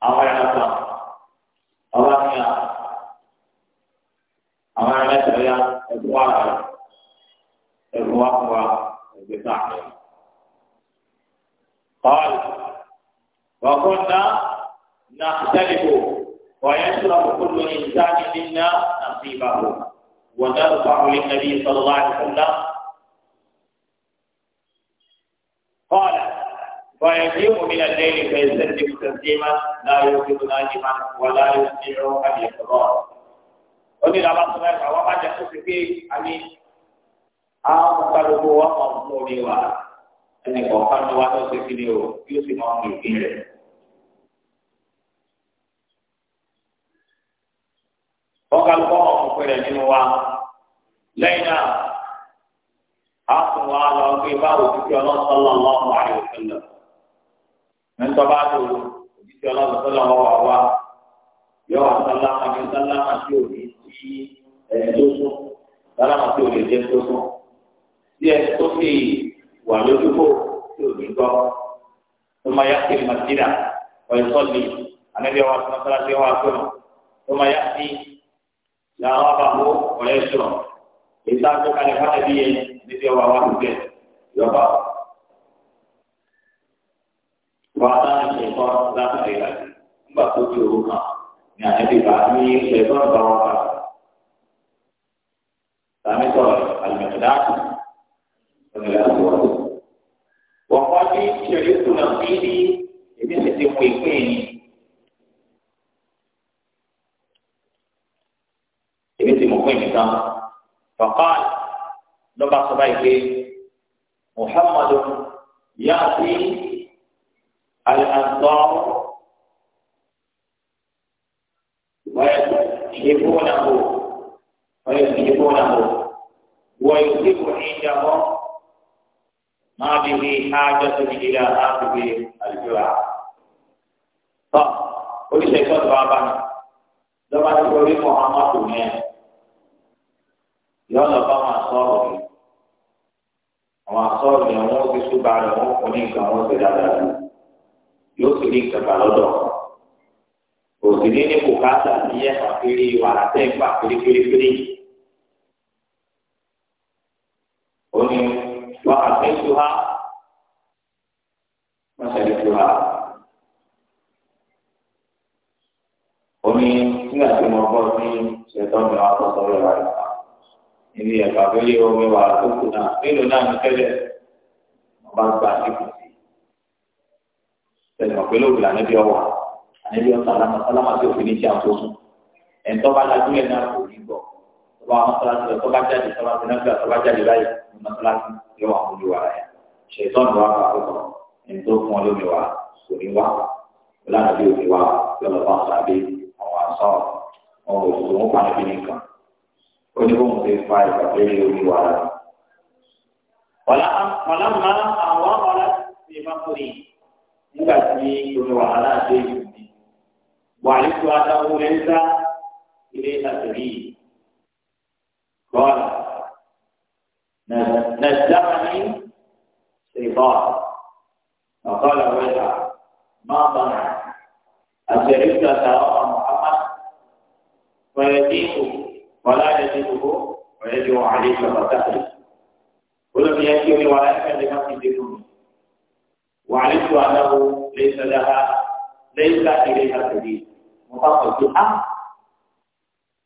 àwọn ẹ̀rọ kan. ya àwọn ẹlẹ́sẹ̀ ya ẹ̀dùn wà rẹ̀ ẹ̀dùn wà fún wa re قال وكنا نختلف ويشرب كل إنسان منا نصيبه ونرفع للنبي صلى الله عليه وسلم فيقيم من الليل فيسلم تسليما لا يوقظ ناجما ولا يسمع اليقظان oní ìlànà tó náà ìfà wọn bá jẹ kóso pé àmì àwọn kálukú wọn mọ fún omi wa ẹnì kọ̀ọ̀kan ló wá tó ṣe kí ni o yóò sì máa ń lò kí rẹ̀. wọn kálukú wọn mọ fún rẹ̀ nínú wa lẹ́yìn náà a fún wa lọ pé báwo ti fi ọlọ́sọ́lọ́ lọ́wọ́ àyè òfin lọ ẹ̀ńtọ́ bá lò ó òjijì ọlọ́run tó lọ́wọ́ wà wá yọ wà sálámà ní sálámà tí ò ní sí ẹni tó sùn sálámà tí ò lè jẹ tó sùn tí ẹni tó sì wà lójúbò tí ò ní gbọ́ tó máa yá sí màsídà ọ̀yẹ́ sọ́ọ̀lì ànábi ọwọ́ àti mọ́sálásí ọwọ́ àtọ́nà tó máa yá sí làwọn àbàbò ọ̀yẹ́ sọ̀rọ̀ èyí tá a tó yẹn níbi ọwọ́ àwọn àbúkẹ́ yọba. wàhálà ìṣẹ̀kọ́ látàrí ìlàjì nígbà tó di òru kan ní àyẹ̀bí bá ní ìṣẹ̀kọ́ bá wọn kà. Sàmì sọ̀rọ̀ àlùmọ̀tìdá ọ̀nìyàn àti wọ́n. Wọ́n kọ́ ní ìṣẹ̀lẹ̀ ìṣúná bí ní èmi sì ti mú ìpín الأنصار ويحبونه ويحبونه ويصيب عندهم ما به حاجة إلى هذه الجوع طب قل شيخ بابا لما تقولي محمد هنا yọọ lọ bá wọn sọ̀rọ̀ ni àwọn sọ̀rọ̀ ni àwọn ò fi súbà rẹ wọn kò ní nǹkan wọn ti dáadáa lọ yóò sì rí ìjọba lọ́dọ̀ kò sì ní ní bùkátà ní ẹ̀fà kiri wàrà tẹ́ ń fà kiri kiri kiri. ó ní wàhálà fẹ́ tu ha wọ́n ṣẹlẹ̀ tu ha. ó ní nígbà tí mo bọ́ sí ṣètò mi wá sọ́sọ́ rẹ̀ wá ìta ìdí ẹ̀fà kiri omi wàrà tó kù náà nílò náà ní tẹ́lẹ̀ wọ́n bá gba ìkùsì sẹlẹmọ pẹ̀lú òbílà níbi ọwọ́ níbi ọsàn aláma sálámà tí òfin ní ti àtó sùn ẹ̀ńtọ́ bá lajú ẹ̀ náà kò ní gbọ́ tọ́ba mọ́sálásí lọ tọ́ba jáde tọ́ba ti náà tọ́ba jáde báyìí ní mọ́sálásí yóò wà fún ìwà rẹ̀ ṣètọ́nù wa kà fún ọ ẹ̀ńtọ́ fún ọ lómi wa kò ní wá lánàá bí òfin wa lọ́lọ́ bá sàbí àwọn àṣọ àwọn òṣèlú wọn pa níbi nìkan ó ní wọn ti fa ìgbàgbé omi wa rẹ̀. wàlámà àwọn nígbà tí omi wàhálà dé ìlú mi wàhálà tó adáwó rẹ̀ ń dá ilé àtẹ̀rí yìí قال نزعني شيطان فقال ويلا ما صنعت أشركت ثواب محمد فيزيد ولا يزيده ويجب عليك فتحرك ولم يكن ولا يكلمك بكم وعرفت أنه ليس لها ليس إليها سبيل مطابق في أه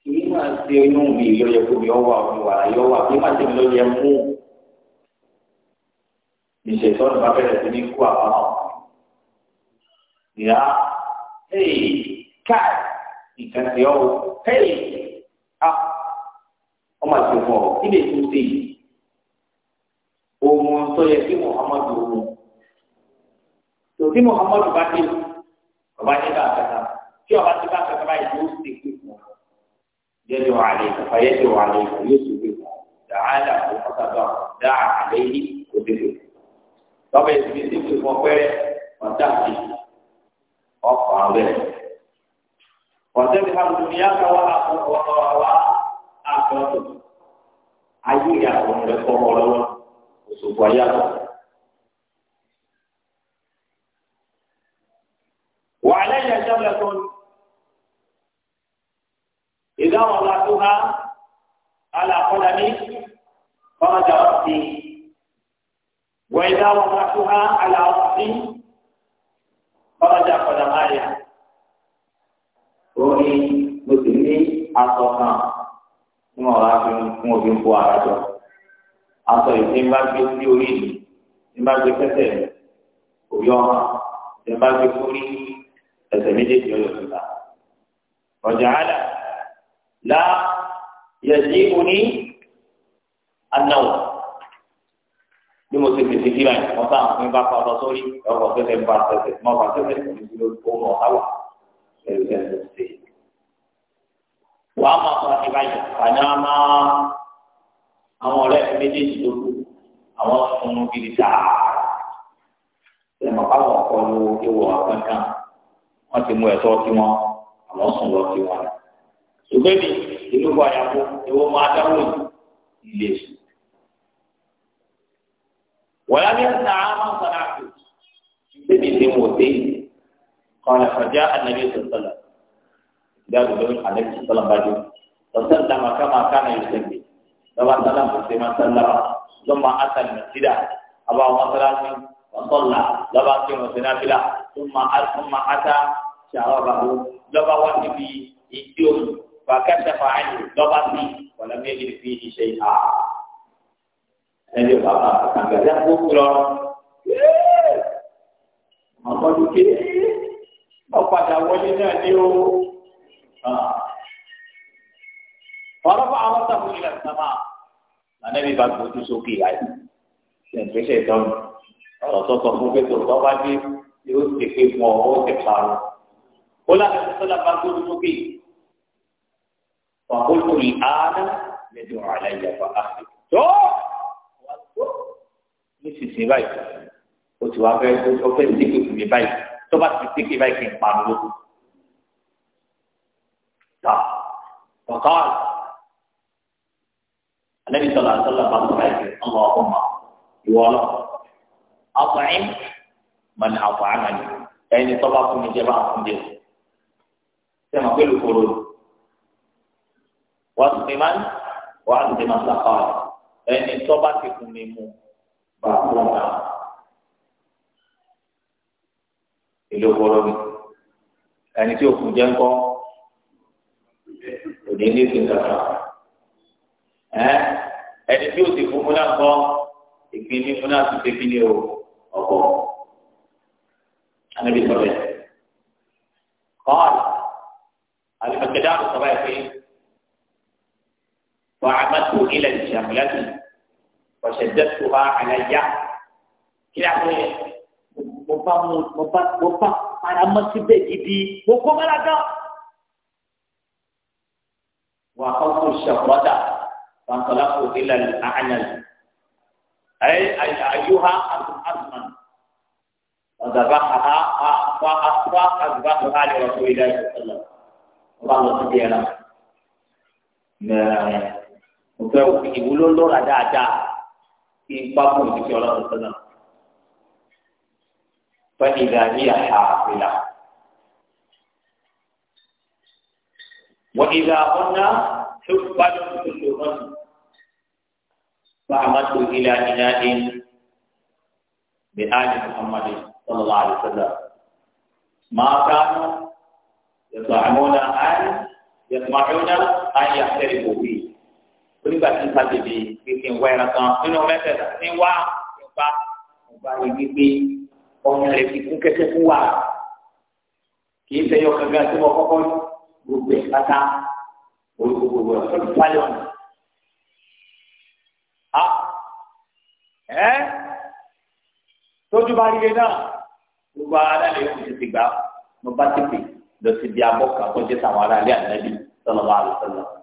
كيما سينو بي يو يكو يوا ولا يوا كيما سينو يمو ìṣètọ́nù bá bẹ̀rẹ̀ sí ní kú àbámọ̀ ìyá hey káì nǹkan ti ọ́ hey a ọmọ àti ọmọ ilé ìtúnṣe yìí ohun tó yẹ kí Muhammadu ohun tòbí muhammadu bá dé ọba dé bá kẹta tí ọba dé bá kẹta báyìí yóò ṣe pé fún ọ yẹjọ àlẹ ìkàfà yẹjọ àlẹ ìkàfà yóò ṣe pé fún ọ dàhálà kò fọsàgbà dá àlẹ yìí kò dé pé lọ́ba ìdílé ṣe fún ọpẹ́rẹ́ ọ̀dà àti ọkọ̀ àwẹ̀ ọ̀sẹ̀ni hàmùdù ni yàtọ̀ wà àkọ́kọ́ wà àkọ́kọ́ ayé ìyàwó rẹ̀ kọ́ ọ lọ́wọ́ òṣùpọ̀ yàtọ̀. فرج رأسي وإذا وضعتها على رأسي فرج قدماي orí mo sì ní aṣọ kan tí mo rà fi mo fi ń bo ara jọ aṣọ yìí tí n bá gbé sí orí mi tí n bá gbé pẹ́sẹ̀ òyọ́ hàn bá gbé sórí ẹsẹ̀ méjèèjì ọ̀yọ́ síta ọ̀jà àdà lá yẹ̀dí oní anáwó bí mo ti fèsì kíra yìí wọn sáà fún bá pàtó sórí ọkọ tẹsẹ ń bá tẹsẹ mọ bá tẹsẹ kò ní dúró kó mọ ọtáwà ẹrù ẹrù ló ṣe. wàá máa sọ àti báyìí àná máa àwọn ọ̀rẹ́ mi méjèèjì tó kù àwọn ọmọ gidi sáà ẹ̀mọ̀ káwọn ọkọ ló ewu àpẹẹkan wọn ti mú ẹ̀tọ́ sí wọn àwọn sùn lọ sí wọn. ṣùgbọ́n mi ìlú bọ̀ àyàfó ewu máa dáwọ́ ilé ولم ينسى عاما صنعته سيدي موتي قال فجاء النبي صلى الله عليه وسلم جاء بدون عليه صلى الله عليه وسلم فسلم كما كان يسلم فما سلم ثم سلم ثم اتى المسجد ابا مسلم وصلى لبا كما سنافلا ثم ثم اتى شعره لبا وفي يجوم فكشف عنه لبا ولم يجد فيه شيئا ẹni bàbá àgbàdo àkókò lọ ọmọdé ké ọ̀padà wọlé náà ní o. Fọlọ́fọ́ àwọn sábà ìlà sábà ànábì bá gbójú sókè láyé ṣèǹpẹ́sẹ̀ ìtọ́nù ọ̀rọ̀ sọ̀tọ̀ fún pẹ̀tọ̀ tọ́ba dé yóò tẹ̀pẹ́ fún ọ ó tẹ̀ parọ́. Ó láti sọ́lá bá gbójú sókè. Wàhálà ìlú àná lẹ́dùn àlàyé àbá àfẹ́ nísinsìnyí báyìí o ti wá fẹ́ o fẹ́ tẹkẹ fún mi báyìí tó bá ti tẹkẹ báyìí kì í pa mi lóko ta ọkọ alẹ́ sọlá sọlá bá tó báyìí ọmọ ọmọ ìwọ lọ ọkùnrin mọ̀nà àkùnrin àmàlẹ́ ẹni tó bá fún mi jẹ́ bá fún mi sẹ́mi pẹ̀lú koro wọ́n ti fi máa ń wọ́n á ti fi máa ń sàkọ́ ẹni tó bá ti fún mi mú bàbá ìlú ọgbọ́rọ́ mi ẹni tí òkú jẹ́ ńkọ́ òní ní ìsìn kàkà ẹni tí òsì fún múná ńkọ́ ìpín ní múná ti ṣe kí ni o ọ̀pọ̀ anábì sọ̀rọ̀ yẹn kọ́ọ̀lù alùpàkẹ́dá àlùsọ̀rọ̀ yẹn pé wàhálà tó ilẹ̀ ìṣàmúlẹ́sìn. وشددتها علي كده ايه مبا مبا مبا انا ما سيبت جدي وكم لا وخوف الشفرة فانطلقت الى الاعلى اي ايها الاثمن وذبحها وأصفى أذبحها لرسول الله صلى الله عليه وسلم الله سبحانه وتعالى mo fẹ́ òfin ìwúlò lọ́ra kí n pápó òjijì ọlọ́run sọ́nà fẹ́ ìdààmú àhà àfìlà. وإذا قلنا حبل كل رجل فعمدت إلى إناء بآل محمد صلى الله عليه وسلم ما كانوا يطعمون أن يطمعون أن يحترقوا فيه onígbà tí n ta bèbè kékeré ń wá ẹran kan nínú mẹ́tẹ̀ẹ̀ta ní wá ìgbà ìgbà yìí gbé ọmọ rẹ̀ fi kún kẹ́kẹ́ fún wa kì í sẹ́yọ kankan tí wọ́n kọ́kọ́ gbogbo ẹ̀ pátá gbogbogbò ẹ̀ fún ìfalẹ̀ ọ̀nà. a ẹ tójú bá yíyé náà gbogbo ara lè yóò tètè gbà mo bá tètè lọ sí ibi abọ́ kan tó jẹ́ sàwọn ará ilé ànábì sọlọ́wọ́ àlùfẹ́ lọ́wọ́.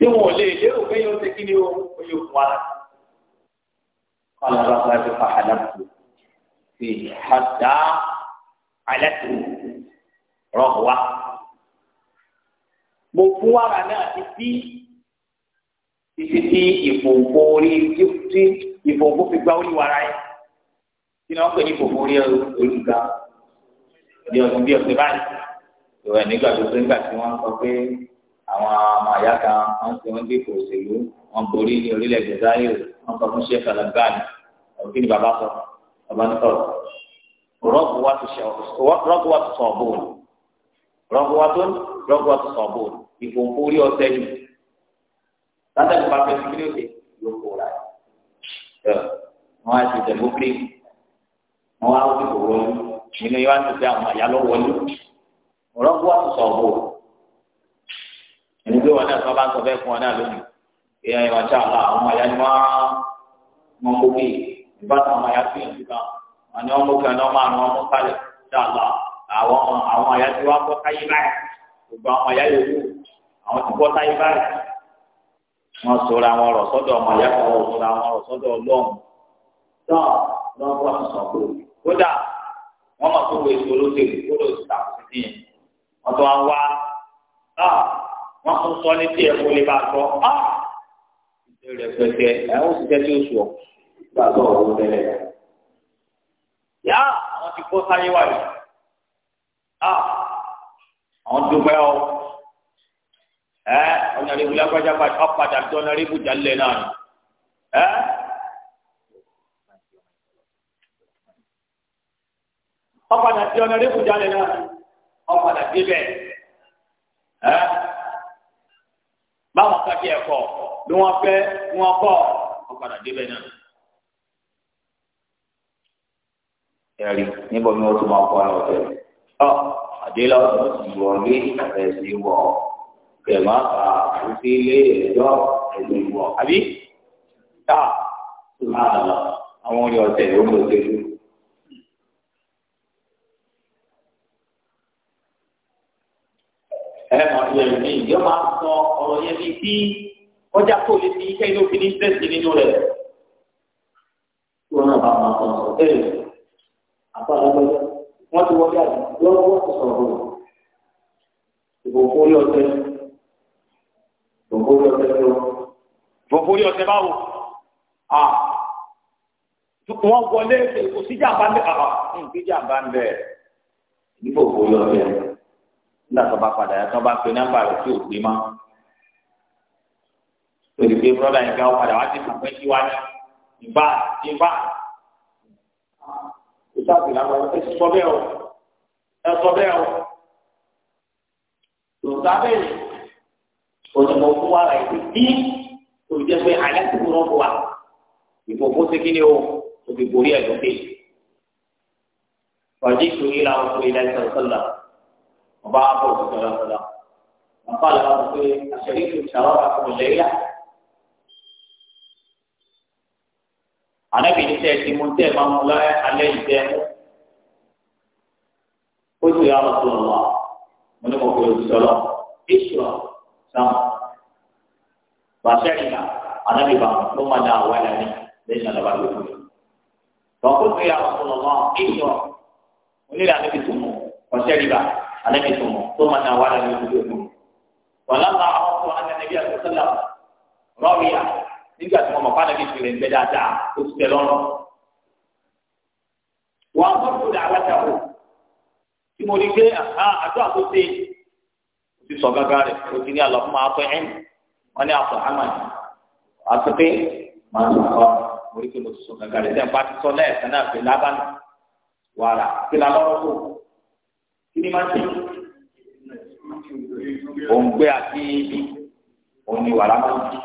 tí wọn ò lè lérò pé yóò ṣe kí ni o ó yóò fún wa láti. kọ́lá bá bá ti fa àdàpọ̀ fi àdá àlẹ́tò rọ̀ wá. mo fún wàrà náà ti bí títí tí ìfòǹfò orí tí ìfòǹfò fi gbá orí wàrà yẹn kí ni wọ́n pè ní ìfòǹfò orí olùgbà ní ọdún bí ọ̀sẹ̀ báyìí ìwẹ̀ nígbà tó tó nígbà tí wọ́n sọ pé àwọn ọmọ àyá kan wọ́n ti wọ́n dìbò òṣèlú wọ́n borí ní orílẹ̀-èdè zaire wọ́n sọ fún sheikh alabani òkè ni bàbá sọ bàbá ń sọ̀rọ̀ rọ́ọ̀bù wa ti sọ̀ bóòlù rọ́ọ̀bù wa tó rọ́ọ̀bù wa ti sọ̀ bóòlù ìfòǹfò orí ọ̀sẹ̀ yìí látàkì bá fẹ́ síbi lóde yóò kó ra ẹ̀ wọ́n á ti tẹ̀lé ókè wọ́n á wọ́n ti kò wọlé nínú yóò á ti tẹ àwọn àyálò wọlé rọ́ọ̀bù wa ti sọ̀ bóòlù ẹni pé wọn náà sọ bá ń sọ bẹ́ẹ̀ fún wọn náà lónìí pé ẹ wàá ṣáà bá àwọn àyà ni wọn mọ kókè ìbá tó àwọn àyà fìyàn sí kan wọn ni wọn mú kan náà máa ní wọn mú kalẹ̀ ṣáà bá àwọn àwọn àyà tí wọn bọ káyé báyìí gbogbo àwọn àyà yòówù àwọn ti bọ káyé báyìí wọn sọra wọn rọ sọ́dọ̀ ọmọ àyà kan wọn sọra wọn rọ sọ́dọ̀ Ọlọ́run tó wọn bọ sọ pé kódà wọn mọ tó wọ èso olóṣèlú kó lóò ṣàkóso yẹn wọn tó wá wá ah, wọn kò sọ ní tí ẹ̀kọ́ lè bá gbọ́ á ah! ìbéèrè pẹtẹ àwọn òṣìṣẹ́ tí ó sùn gbà tó ọ̀rọ̀ tẹ́lẹ̀ yá àwọn ti kó sáyé wà yìí ah! àwọn dúpẹ́ ọ ẹ ọ̀nàrẹ́bù lágbájá ọ̀padà tó ọ̀nàrẹ́bù jalè náà ẹ. ọ̀padà tí ọ̀nàrẹ́bù jalè náà ọ̀padà débẹ̀ ẹ báwọn kan tiẹ̀ kọ̀ bí wọ́n fẹ́ wọ́n kọ̀ wọ́n padà débẹ̀ náà. ẹ̀rí níbo ni wọ́n tún máa kọ́ ara ọ̀tẹ̀ rẹ̀. ọ́ àdélà ọ̀dọ́ ti wọ̀ lé ẹ̀sìn wọ̀ kẹ̀má kà àti lé ẹ̀dọ́ ẹ̀sìn wọ̀ àbí tá a lọ àwọn orí ọ̀tẹ̀ ló ń lò dé lù. ọ̀rọ̀ yẹn bíi tí ọjà kò lè fi iṣẹ́ inú òfin interest nínú rẹ̀. tí wọn náà bá máa sọ sọ bẹ́ẹ̀ àbálọ́gbẹ́ wọ́n ti wọlé àjò lọ́wọ́ wọ́n ti sọ̀rọ̀ rẹ̀. ìbòkó orí ọ̀tẹ̀ ìbòkó orí ọ̀tẹ̀ lọ. ìbòkó orí ọ̀tẹ̀ báwo? wọ́n wọlé kò síjà bá ń bẹ̀ bàbá nígbèjà bá ń bẹ̀ ìbòkó orí ọ̀tẹ̀ nígbà tó bá padà yà tó bá pe nọ́mbà rẹ̀ tí ò gbé máa torí pé brọ́dà yìí gáwó padà wá sí kàpẹ́ sí wa ní ìbá ìbá ìsáàbì làwọn ẹ ti sọ bẹ́ẹ̀ o ẹ sọ bẹ́ẹ̀ o lòtá bẹ́ẹ̀ ònìmọ̀ fún wa rà ètò bí olùjẹ́ pé àlẹ́ ti kúrọ́ fún wa ìbò fún sékìlì o òbí borí ẹ̀ lókè wàjú ìṣòro yìí làwọn fún ilẹ̀ sọ̀rọ̀sọ̀lá ọba àbọ̀ òṣìṣẹ́ lọ́sọ̀lá wọn fà lọ́wọ́ pé àṣẹ ànábì ní tẹ́ ti mú tẹ́ máa mú láyé alẹ́ ìtẹ́ mú. ó sì yà wọ́n tó ń wá mo ní mo kò lè sọ̀rọ̀ ìṣúra sáà bàṣẹ́rì náà ànábì bá ló máa dá àwọn ẹ̀rọ ní lẹ́yìn àdàbà lóko rẹ̀. tọ́kù tó yà wọ́n tó ń wá ìṣúra onílé ànábì tó mú bàṣẹ́rì bá ànábì tó mú tó máa dá àwọn ẹ̀rọ ní lóko rẹ̀. wàlámà àwọn ọkọ̀ ànábì àti sọ́lá nígbà tí wọ́n mọ̀ fáwọn ẹbí ìpìlẹ̀ ńgbẹ́ dáadáa ó ti tẹ lọ́rùn. wọ́n gbọ́ tó dà wájà o tí mo rí pé àjọ àkóso ti sọ gágá rẹ̀ o ti ní àlọ́ fún ma fẹ́ ẹ́n wọ́n ní àpò hamani àti pé màá sọ ọ́ mo rí pé mo ti sọ gágá rẹ̀ sẹ́yìn bá ti sọ lẹ́ẹ̀kan náà pé lábàánù wàrà kí la lọ́rọ́ kù kí ni máa ń òǹgbẹ àti ibi òǹni wàrà máa ń ṣe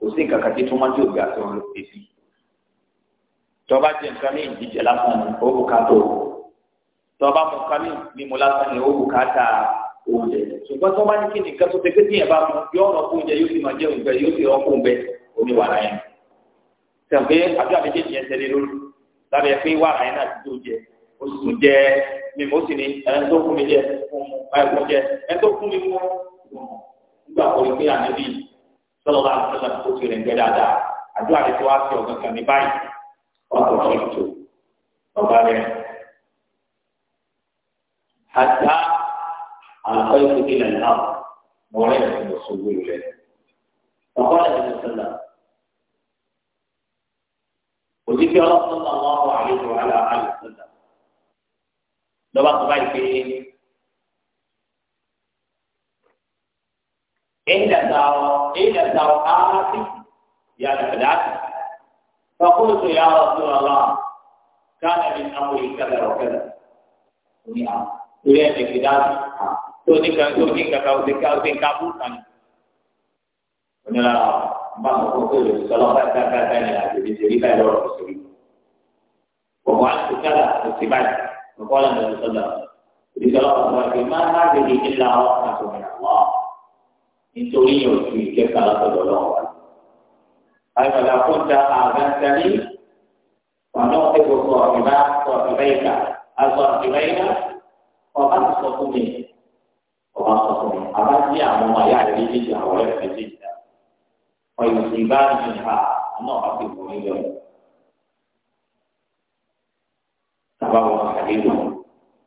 kò sí nǹkan kan tí túmọ̀ tí òbí àti òun ló fi sí. tọ́ba jẹ nǹkan ní ìdíje lásán ni ó bù ká tó tọ́ba mu nǹkan ní mímu lásán ni ó bù ká tá oúnjẹ ṣùgbọ́n tọ́ba ní kí nìkan tó tẹ́kẹ́ tíyẹn bá mu yóò rọ oúnjẹ yóò fi máa jẹ oúnjẹ yóò fi rọ oúnjẹ omi wàrà yẹn. sẹ́wọ̀n pé àjọ àbíjẹ́jì yẹn tẹ́lẹ̀ lórí lábẹ́ pé wàrà yẹn náà ti tó jẹ ó jẹ mímu ó sì ní ẹni tó fún mi jẹ fún mi sọlọ́lá àtúntò kó tó rẹ̀ ń gbẹ́ dáadáa àdúrà rẹ̀ tó wá sí ọ̀gán kan ní báyìí ọkọ̀ ọ̀tọ̀ ọba rẹ̀ àdá àlùkò ìfúkì lẹ́nu náà mọ̀ọ́rẹ́ ìfúnṣogbo rẹ̀ ọkọ̀ rẹ̀ ti sọ̀lá òjijì ọlọ́sọ̀tàn náà wà àlejò àlà àlùsọ̀tàn lọ́ba tó báyìí pé إحدى إحدى الساعات يا الحدث فقلت يا رسول الله كان من أمري كذا وكذا يا تريد الحدث توني كان توني كذا وكذا وكذا كابوسان ونرى بعض الرسول صلى الله عليه وسلم كان يعتبر شريفا يدور في الشريف وفعلت كذا اتبعت وقال النبي صلى الله عليه وسلم ما هذه إلا رحمة من الله nítorí yóò fi ìkẹta lọ́sọ̀dọ̀ náà wá. àgbàdo àkójá àgbàntàní wàá náà tẹ gbogbo ọ̀gbìnà sọ ọ̀gbìnà ìka azọ ọ̀gbìnà ìka ọba ti sọ fún mi ọba sọ fún mi àbá sí àwọn ọmọ ayá rẹ méjèèjì àwọn ọ̀rẹ́ rẹ méjèèjì dá ọyọ sí bá mi ha àná ọba ti wọ nílò ẹ. bàbá wọn kàdé lò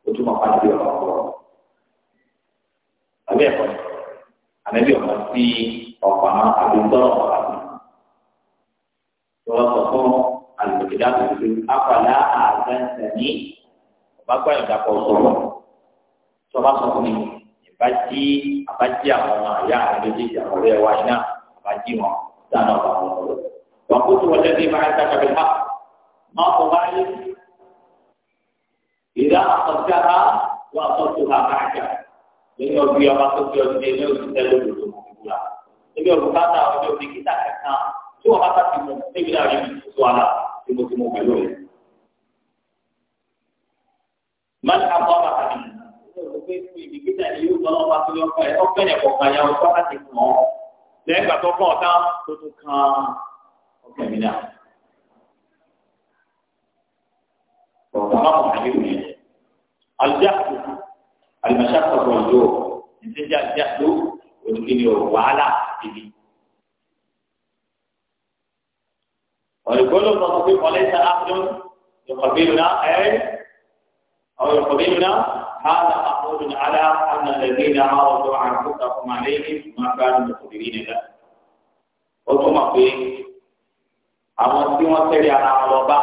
ó túmọ̀ pàdé ọ̀rọ̀ ọ̀rọ̀ àbí ẹ̀kọ́ ni àbẹ́bí ọ̀pọ̀ sí ọ̀pọ̀ àwọn àdúgbò tó wọ́n sọ fún àlùkìdá tuntun apàdá àgbẹ̀sẹ̀ní ọba gbọ́ ìdàpọ̀ sọ̀rọ̀ tó bá sọ fún mi ìbájí àbájí àwọn ọmọ àyà àgbẹ̀jẹ̀jì àwọn ọ̀rẹ́ wa iná àbájí wọn dáná ọba wọn sọ̀rọ̀ wọn kó tó wọlé ní ìbára ìdájọ́ bí wọn máa kọ báyìí ìdá àtọ̀jára wọn àtọ̀tò lórí ọbí ọba tó fi ọdún dé ní oṣù tẹ́lẹ̀ lòdò òkúra ebi ọdún bá ta ọdún òbí kíta kẹta tí wọn bá ta ti mú ebi náà rí mi tó ara tí mo ti mú pẹ̀lú rẹ̀. mọ́tò àbọ̀ bàtà mi ní fún ibi kíta ni yóò gbọ́ lọ́wọ́ tó lọ́kọ̀ ẹ̀ ọ̀pẹ̀ ẹ̀ kọ̀ọ̀kan ya ọ̀tọ́ láti mọ̀ ọ́ lẹ́yìn ìgbà tó kọ́ ọ̀tá tó tún kan ọ̀pẹ̀ mi náà. ọ̀tá má المشقة والجوع نتيجة الجهل والكيل وعلى به ولكل التصويف وليس أحد يقبلنا أي أو يقبلنا هذا أقول على أن الذين عرضوا أنفسهم عليهم ما كانوا مقبلين له وثم مقبلين àwọn tí wọn tẹ̀lé ara كانوا lọ bá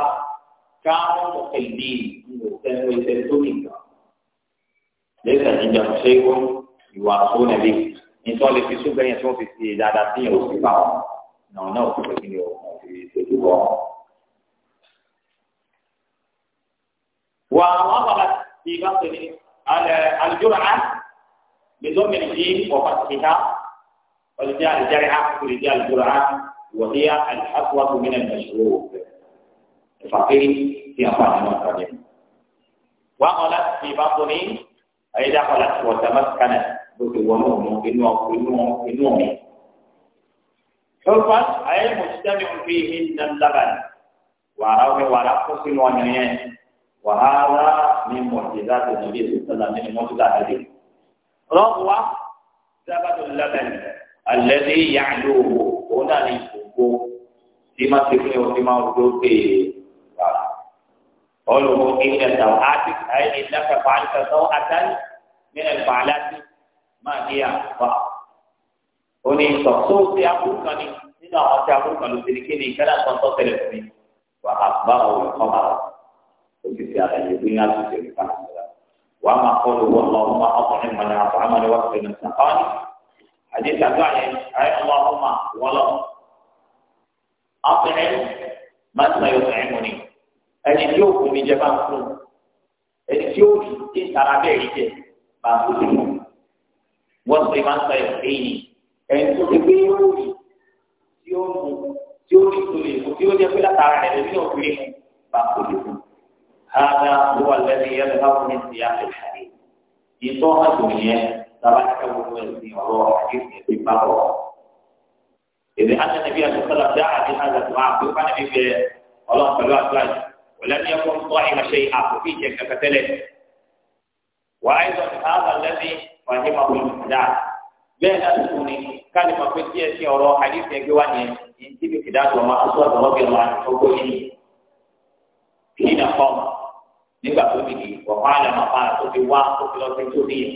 káwọn mọ̀kẹ́lì lẹ́sẹ̀ jíjà ṣé kó ìwà tó nàbí nítorí lè fi súnbẹ́ yẹn tí wọ́n fi ṣe dáadáa sí yẹn òsì fáwọn náà náà òsì fún mi ò fi ṣètò bọ́. wà wọ́n bàbá ti bá tó ní alùjọ́ra بضم الجيم وفتحها ولجاء الجرحة ولجاء الجرعة وهي الحصوة من المشروب الفقير في أفعال المنفرد وقالت في بطن ayé dákọ̀lá ti wọ̀ta mọ́sánà lókè wọnú òun inú inú inú mi. Tófà ayé mùsùlùmí fi hin nan laban wàrà omi wàrà kó sínú ọ̀nà yẹn wàhálà ní mọ̀tìlá tó níbi ìsúsọ̀lá nínú mọ́tìlá àdé. Rọ́bùwá sábàtò laban alẹ́dí yàgbé òwò òun náà ní ìfòkó tí má ti fún ẹ̀ òfin máa ń dókè. قوله إن سوءاتك أي إنك فعلت سوءة من الفعلات ما هي بعض oni sọsọ ti aburú kan ni nínú àwọn tí aburú kan ló ti di kí ni ìkẹlẹ àtọ̀tọ̀ tẹlẹ fún mi wà á bá òun kọ́ ma lọ o ti fi àlàyé bí ní àtúntò ìlú kan lọ wà á máa kọ́ ló wọ́n lọ wọ́n máa ọkùnrin mọ̀ náà wà á máa ní wọ́n ti fi nìkan ọ́ ní àdéhùn àti àyè ayé ọmọ ọmọ wọ́n lọ ọkùnrin máa tún ayọ̀ fún ẹ̀ mọ́ ni. ẹni tí yóò fún mi jẹ bá ń fún ẹni tí yóò rí tí ń tara bẹ́ẹ̀ rí jẹ bá ń fún mi wọ́n sì máa ń sọ ẹ̀rọ lẹ́yìn ẹni tó ti o fun yóò rí tí ó o ri tí ó rí tó lè mú tí ó jẹ pé látara rẹ̀ lẹ́yìn òfin mu bá ń fún mi. هذا هو الذي يظهر من سياق الحديث. يطوها الدنيا تبارك وتعالى والله حديث في بابه إذ أن النبي صلى الله عليه وسلم دعا بهذا الدعاء فقال النبي الله صلى الله عليه وسلم ولم يكن طعم شيئا وفي شيء كتلت وأيضا هذا الذي فهمه المقداد بين السنة كلمة في سياسة أو حديث يجواني ينتبه بكداد وما أصوات رضي الله عنه فوقه حين قام nígbà tó ti di ọ̀pá àlàmà pa tó ti wá tó ti lọ sí tó ní yẹn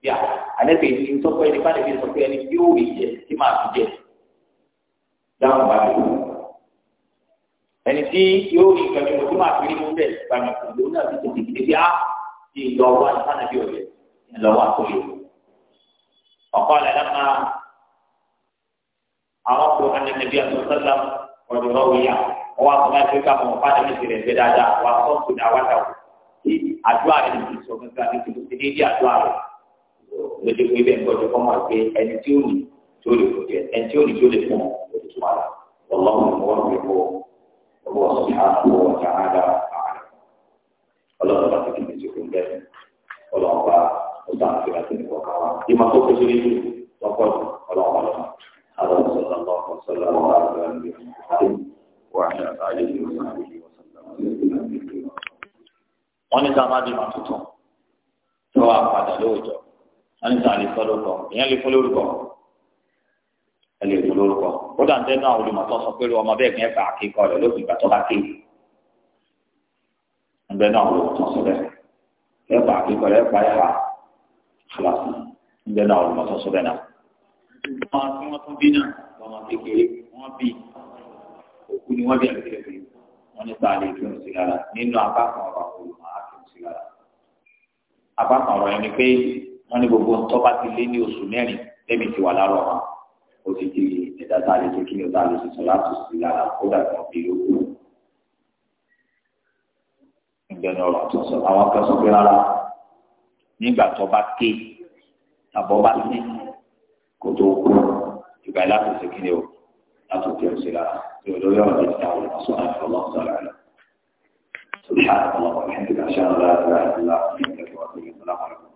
bí a àlẹ́bí ní sọ́kọ́ ẹni bá lè fi sọ pé ẹni tí ó rí jẹ tí máa fi ẹni tí yóò rí ìkànnì ló máa fi rí mú bẹ́ẹ̀ ìgbàgbọ́ kò ló náà fi tètè kéde bí a ti lọ wá sánà bí ọ̀rẹ́ lọ wá tó yẹ. ọ̀pọ̀ àlẹ́ lápá àwọn kò hàn níbi àtúntàlá ọ̀dọ̀ lọ́wọ́ yá ọwọ́ àkọ́lá ẹgbẹ́ ká mọ̀ fáwọn ẹgbẹ́ tirẹ̀ ẹgbẹ́ dáadáa wà sọ́ọ̀tù náà wá dáwọ́ kí àdúrà rẹ̀ ti sọ gbẹ́gbẹ́ àti tó ti àdúrà rẹ̀ ni wọ́n ń gbé fún Allah subhanahu wa ta'ala a'lam. Ọlọ́run bá ti kìí ṣe fún bẹ́ẹ̀. Ọlọ́run bá ó sá àti láti ní kọ̀ọ̀kan wa. Ìmọ̀ tó kó sórí ìlú lọ́pọ̀ ọlọ́run bá lọ́nà. Àwọn sọ̀rọ̀ lọ́kọ̀ sọ̀rọ̀ wà lọ́nà wà ní àtàlẹ́ ìlú wọ́n ní sáà má bímọ tuntun tó wà padà lóòjọ́ wọ́n ní sáà lè sọ lórúkọ ìyẹn lè ẹ lè wò lórúkọ ó dà ń tẹ́ náà olùmọ̀tọ́ sọ pé ọmọ bẹ́ẹ̀ kí ẹ fà kíkọ rẹ̀ lókùn ìgbà tó bá kéwì ẹgbẹ́ náà olùmọ̀tọ́ sọ bẹ́ẹ̀ ẹ fà kíkọ rẹ̀ pa ẹ fà kíláàsì ẹgbẹ́ náà olùmọ̀tọ́ sọ bẹ́ẹ̀ náà. wọn tí wọn tún bí náà wọn máa kékeré wọn bí òkú ni wọn bí àgbẹ̀ kékeré wọn ní sáà lè fún sí lára nínú apá kan ọ̀rọ̀ olùmọ̀ á fún lára apá kan ọ̀rọ̀ ẹni pé wọn ní gbogbo tọ́ba ti lé ní ó ti kiri ẹ̀dá tá a lè ṣe kí ni ó tá a lè ṣe sọ láti sí lára kódà kan bí lóko. ìgbẹ́ni ọ̀rọ̀ tó àwọn kan pé rárá nígbà tó bá ké tàbọ̀ bá sí kó tó kú ìgbà láti ṣe kí ni ó láti kí ó ṣe lára tí olórí ọ̀rọ̀ yìí ti àwọn ìfọ̀sọ́ àti ọlọ́sọ̀ rẹ̀ lọ. سبحانك اللهم وبحمدك اشهد ان لا اله الا انت استغفرك واتوب اليك